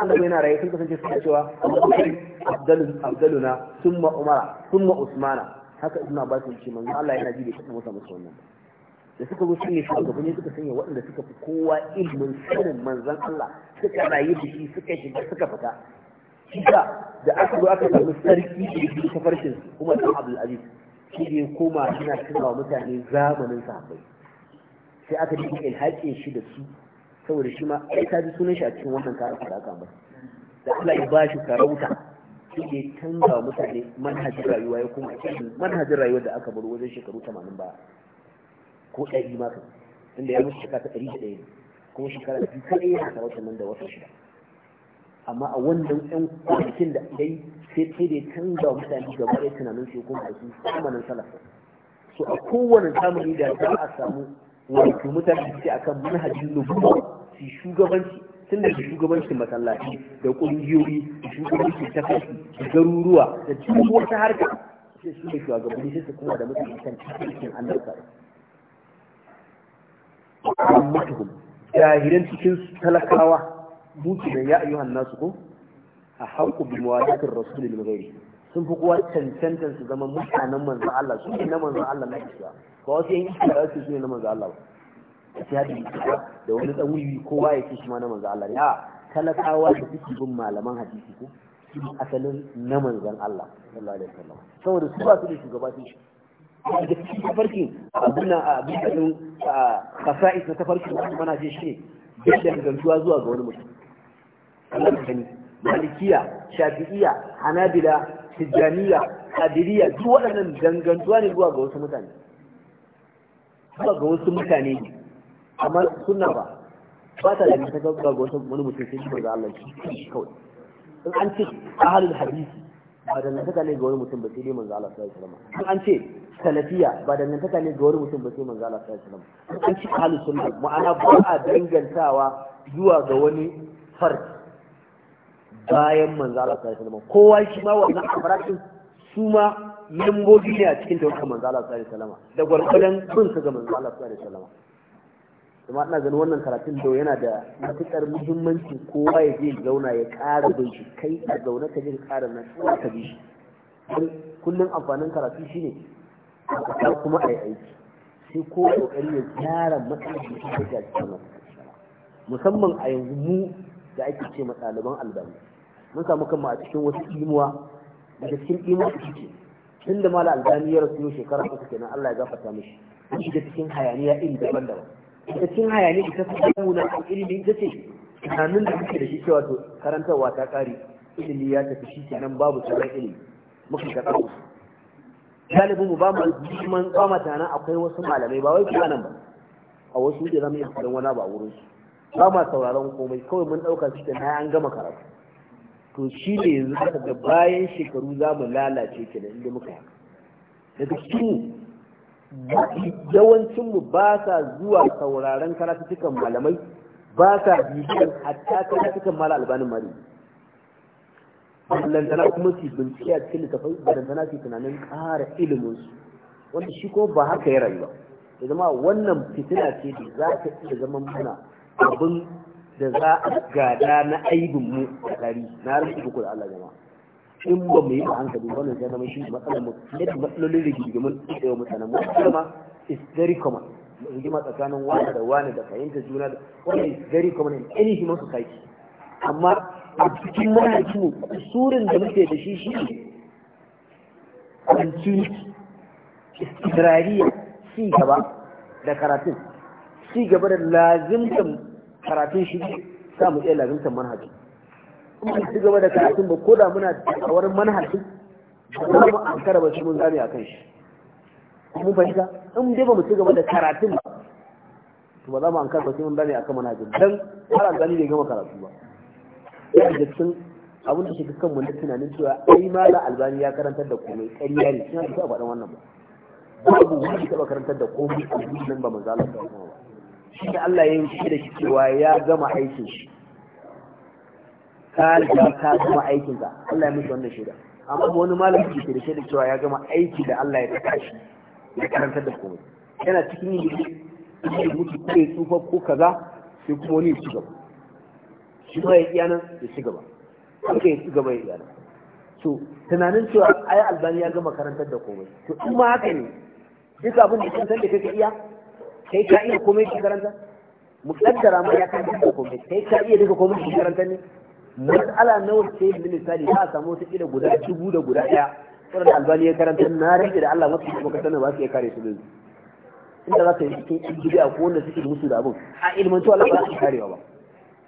annabi yana raye sun kasance suke cewa abdaluna summa umara summa usmana haka ibnu abbas ya ce manzo Allah yana ji da kuma masa wannan da suka zo sanya ne suka sanya waɗanda suka fi kowa ilmin sanin manzan Allah suka rayu da shi suka shiga suka fita kisa da aka zo aka samu sarki da yake ta farkin kuma dan Abdul Aziz shi ne koma yana cewa mutane zamanin sahabbai sai aka yi ilhaƙin shi da su saboda shi ma ai ta ji sunan shi a cikin wannan karar da aka masa da Allah ya ba shi karauta, shi ne canza mutane manhajin rayuwa ya kuma manhajin rayuwa da aka bar wajen shekaru 80 ba ko ɗari ma kai inda ya mutu shekara ta ɗari da ɗaya kuma shekara da biyu kaɗai ya haka nan da wata shida amma a wannan ɗan kwanakin da dai sai sai da canza mutane gaba ɗaya tunanin su kuma aiki samanin salaf so a kowane zamani da za a samu wato mutane su akan manhajin nubuwa su shugabanci tun da shugabancin masallaci da ƙungiyoyi da ta tafafi da garuruwa da duk wata harka sai su ne shugabanni sai su kuma da mutane kan cikin Allah ummatuhum jahilan cikin talakawa buki da ya ayyuhan nasu ko a hauku bi muwajatir rasul ghairi sun fi kowa cancantar su zama mutanen manzon Allah su ne na manzon Allah na kisa ko wasu yan da su ne na manzon Allah ba sai hadi da wani dan wuri kowa yake shi ma na manzon Allah ne talakawa da suke bin malaman hadisi ko asalin na manzon Allah sallallahu alaihi wasallam saboda su ba su ne shugaba shi da cikin tafarkin abin a abin da kasa'is na tafarki wani mana je shi ne yadda gantuwa zuwa ga wani mutum Allah ka gani malikiya shafi'iya hanabila tijjaniya kadiriya duk waɗannan dangantuwa ne zuwa ga wasu mutane zuwa ga wasu mutane ne amma suna ba ba ta da ta zuwa ga wasu wani mutum sai shi ba za Allah shi kawai in an ce ahalul hadisi ba dangantaka ne ga wani mutum ba sai dai manzo Allah sallallahu alaihi wasallam an ce salafiya ba dangantaka ne ga wani mutum ba sai manzo Allah sallallahu alaihi wasallam an ce ahlus sunna ma'ana ba a dangantawa zuwa ga wani fard bayan manzo Allah sallallahu alaihi wasallam kowa shi ma wannan afratin su ma membobi ne a cikin tawakkalin manzo Allah sallallahu alaihi wasallam da gwargwadon bin su ga manzo Allah sallallahu alaihi wasallam kuma ana ganin wannan karatun da yana da matuƙar muhimmanci kowa ya je zauna ya ƙara bin kai a zaune ka jin ƙara nan kuma ka bi shi kullum amfanin karatu shine a kuma a yi aiki sai ko ƙoƙari ya gyara matsalar da shi ga cikin musamman a yanzu mu da ake ce ma ɗaliban albani mun samu kanmu a cikin wasu imuwa daga cikin imuwa su ce tun da mala albani ya rasu shekara uku kenan Allah ya gafarta mishi shi da cikin hayaniya iri daban-daban da cin hayani ita su samu na ilimi ita ce tunanin da muke da shi cewa to karantarwa ta kare ilimi ya tafi shi kenan babu sauran ilimi muka ga ƙasa galibin mu ba mu man tsama tana akwai wasu malamai ba wai kuma nan ba a wasu da zama yin karin wani ba a wurin su ba ma sauraron komai kawai mun ɗauka shi kenan an gama karatu to shi ne yanzu da bayan shekaru za mu lalace kenan inda muka yi da cikin yawancinmu ba sa zuwa sauraron karatukan malamai ba sa bibiyar hatta karatukan mala albanin mari na kuma su bincike a cikin littafai da na su tunanin ƙara iliminsu wanda shi kuma ba haka ya rayu ba ya zama wannan fitina ce da za ta iya zama mana abin da za a gada na aibinmu a tarihi na rikin da Allah jama'a in ba mu yi an hankali wannan sai zama shi matsalar mu yadda matsalolin rigimin da wa mutanen mu kuma is very common rigima tsakanin wani da wani da fahimtar juna da wani is very common in any human society amma a cikin wani mu surin da muke da shi shi ne kwanci istikrariya ci gaba da karatun ci gaba da lazimtan karatun shi sa mu iya lazimtan manhajin in ci gaba da karatun ba ko da muna da'awar manhajin ba mu an ba shi mun zane a kan shi mun fahimta in dai ba mu ci gaba da karatun ba to ba za mu an ba shi mun zane a kan manhajin dan har zane bai gama karatu ba ya da cikin abin da shiga kan na tunanin cewa ai mala albani ya karantar da komai ƙarya ne suna da a faɗin wannan ba babu wani taɓa karantar da komai a nan ba manzo Allah ba shi Allah ya yi shi da shi cewa ya gama aikin shi ka riga ka gama aikin ka Allah ya mishi wannan shaida amma wani malamin ke shirye da cewa ya gama aiki da Allah ya saka shi ya karanta da komai yana cikin yin yi mutu ko ya tsufa ko kaza sai kuma wani ya ci gaba shi ma ya iya nan ya ci gaba haka ya ci gaba ya iya nan to tunanin cewa ai albani ya gama karantar da komai to in ma haka ne duk abin da kan san da kake iya kai ka iya komai ki karanta mukaddara ma ya karanta da komai kai ka iya duka komai ki karanta ne mas'ala nawa ce yin misali ta samu wata kila guda dubu da guda ɗaya wadda albani ya karanta na rage da Allah mafi kuma kasar ba su iya kare su da inda za ka yi cikin yan a ko wanda suke musu da abin a ilmantu Allah ba su karewa ba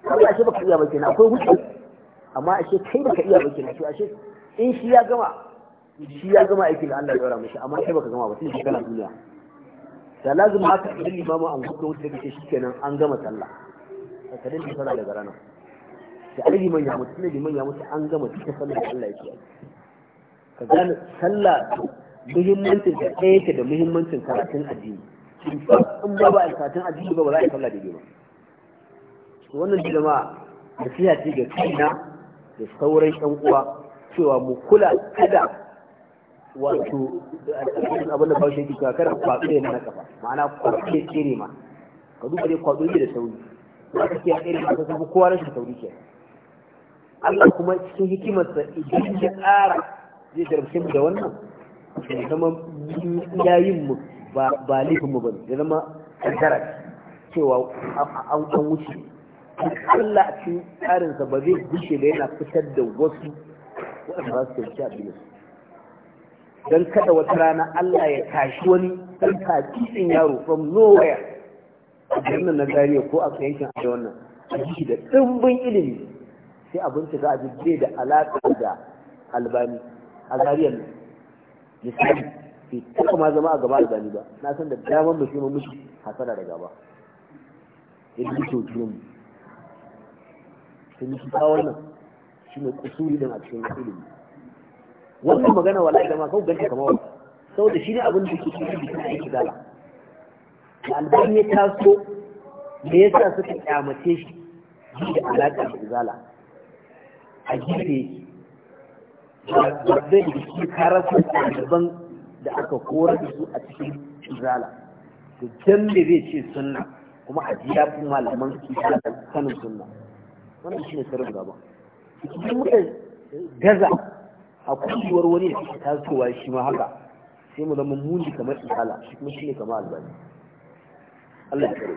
kuma ashe baka iya ba kenan akwai hujja amma ashe kai baka iya ba kenan to ashe in shi ya gama shi ya gama aikin Allah ya dora mishi amma kai baka gama ba sai kana duniya da lazim haka idan limamu an gudu wuce da kake shikenan an gama sallah ka dinga sallah daga ranar da alihi manya ya mutu tunda liman mutu an gama cikin sallar da Allah yake ka gane sallah muhimmancin da ɗaya ke da muhimmancin karatun addini in ba ba a karatun addini ba ba za a yi sallah daidai ba wannan jama'a nasiha ce ga kaina da sauran yan uwa cewa mu kula kada wato abin da ba shi cewa kada kwaɗo ne na kafa ma'ana kwaɗo ne tsere ma ka duba dai kwaɗo ne da sauri za ka ke a tsere ma ka kowa rashin sauri ke Allah kuma cikin hikimarsa idan ya ƙara zai jarabce mu da wannan ya zama yayin mu ba laifin mu ba ya zama kankara cewa an an wuce Allah a cikin tsarinsa ba zai gushe ba yana fitar da wasu waɗanda ba su a don kada wata rana Allah ya tashi wani ɗan tafiɗin yaro from nowhere a birnin na zariya ko a yankin a wannan a da ɗumbin ilimi sai a za a jibbe da alaƙa da albani a zariyar misali bai taɓa ma zama a gaba albani ba na san da damar mu shi mamushi hasara da gaba ya ji cutu mu sun shi kawo nan shi mai kusuri don a cikin ilimi wannan magana wala da ma kawo ganta kamar wata saboda shi ne abin da ke cikin jikin aiki gala da albani ya taso da ya sa suka kyamace shi da alaƙa da izala a gefe zai da shi karasa ɗaliban da aka korar da su a cikin izala to can me zai ce sunna kuma a ji yafi malaman izala sanin sunna wannan shi ne sirrin gaba idan muka gaza a kusurwar wani da suke tasowa shi ma haka sai mu zama muni kamar izala shi kuma shi ne kamar albani Allah ya kare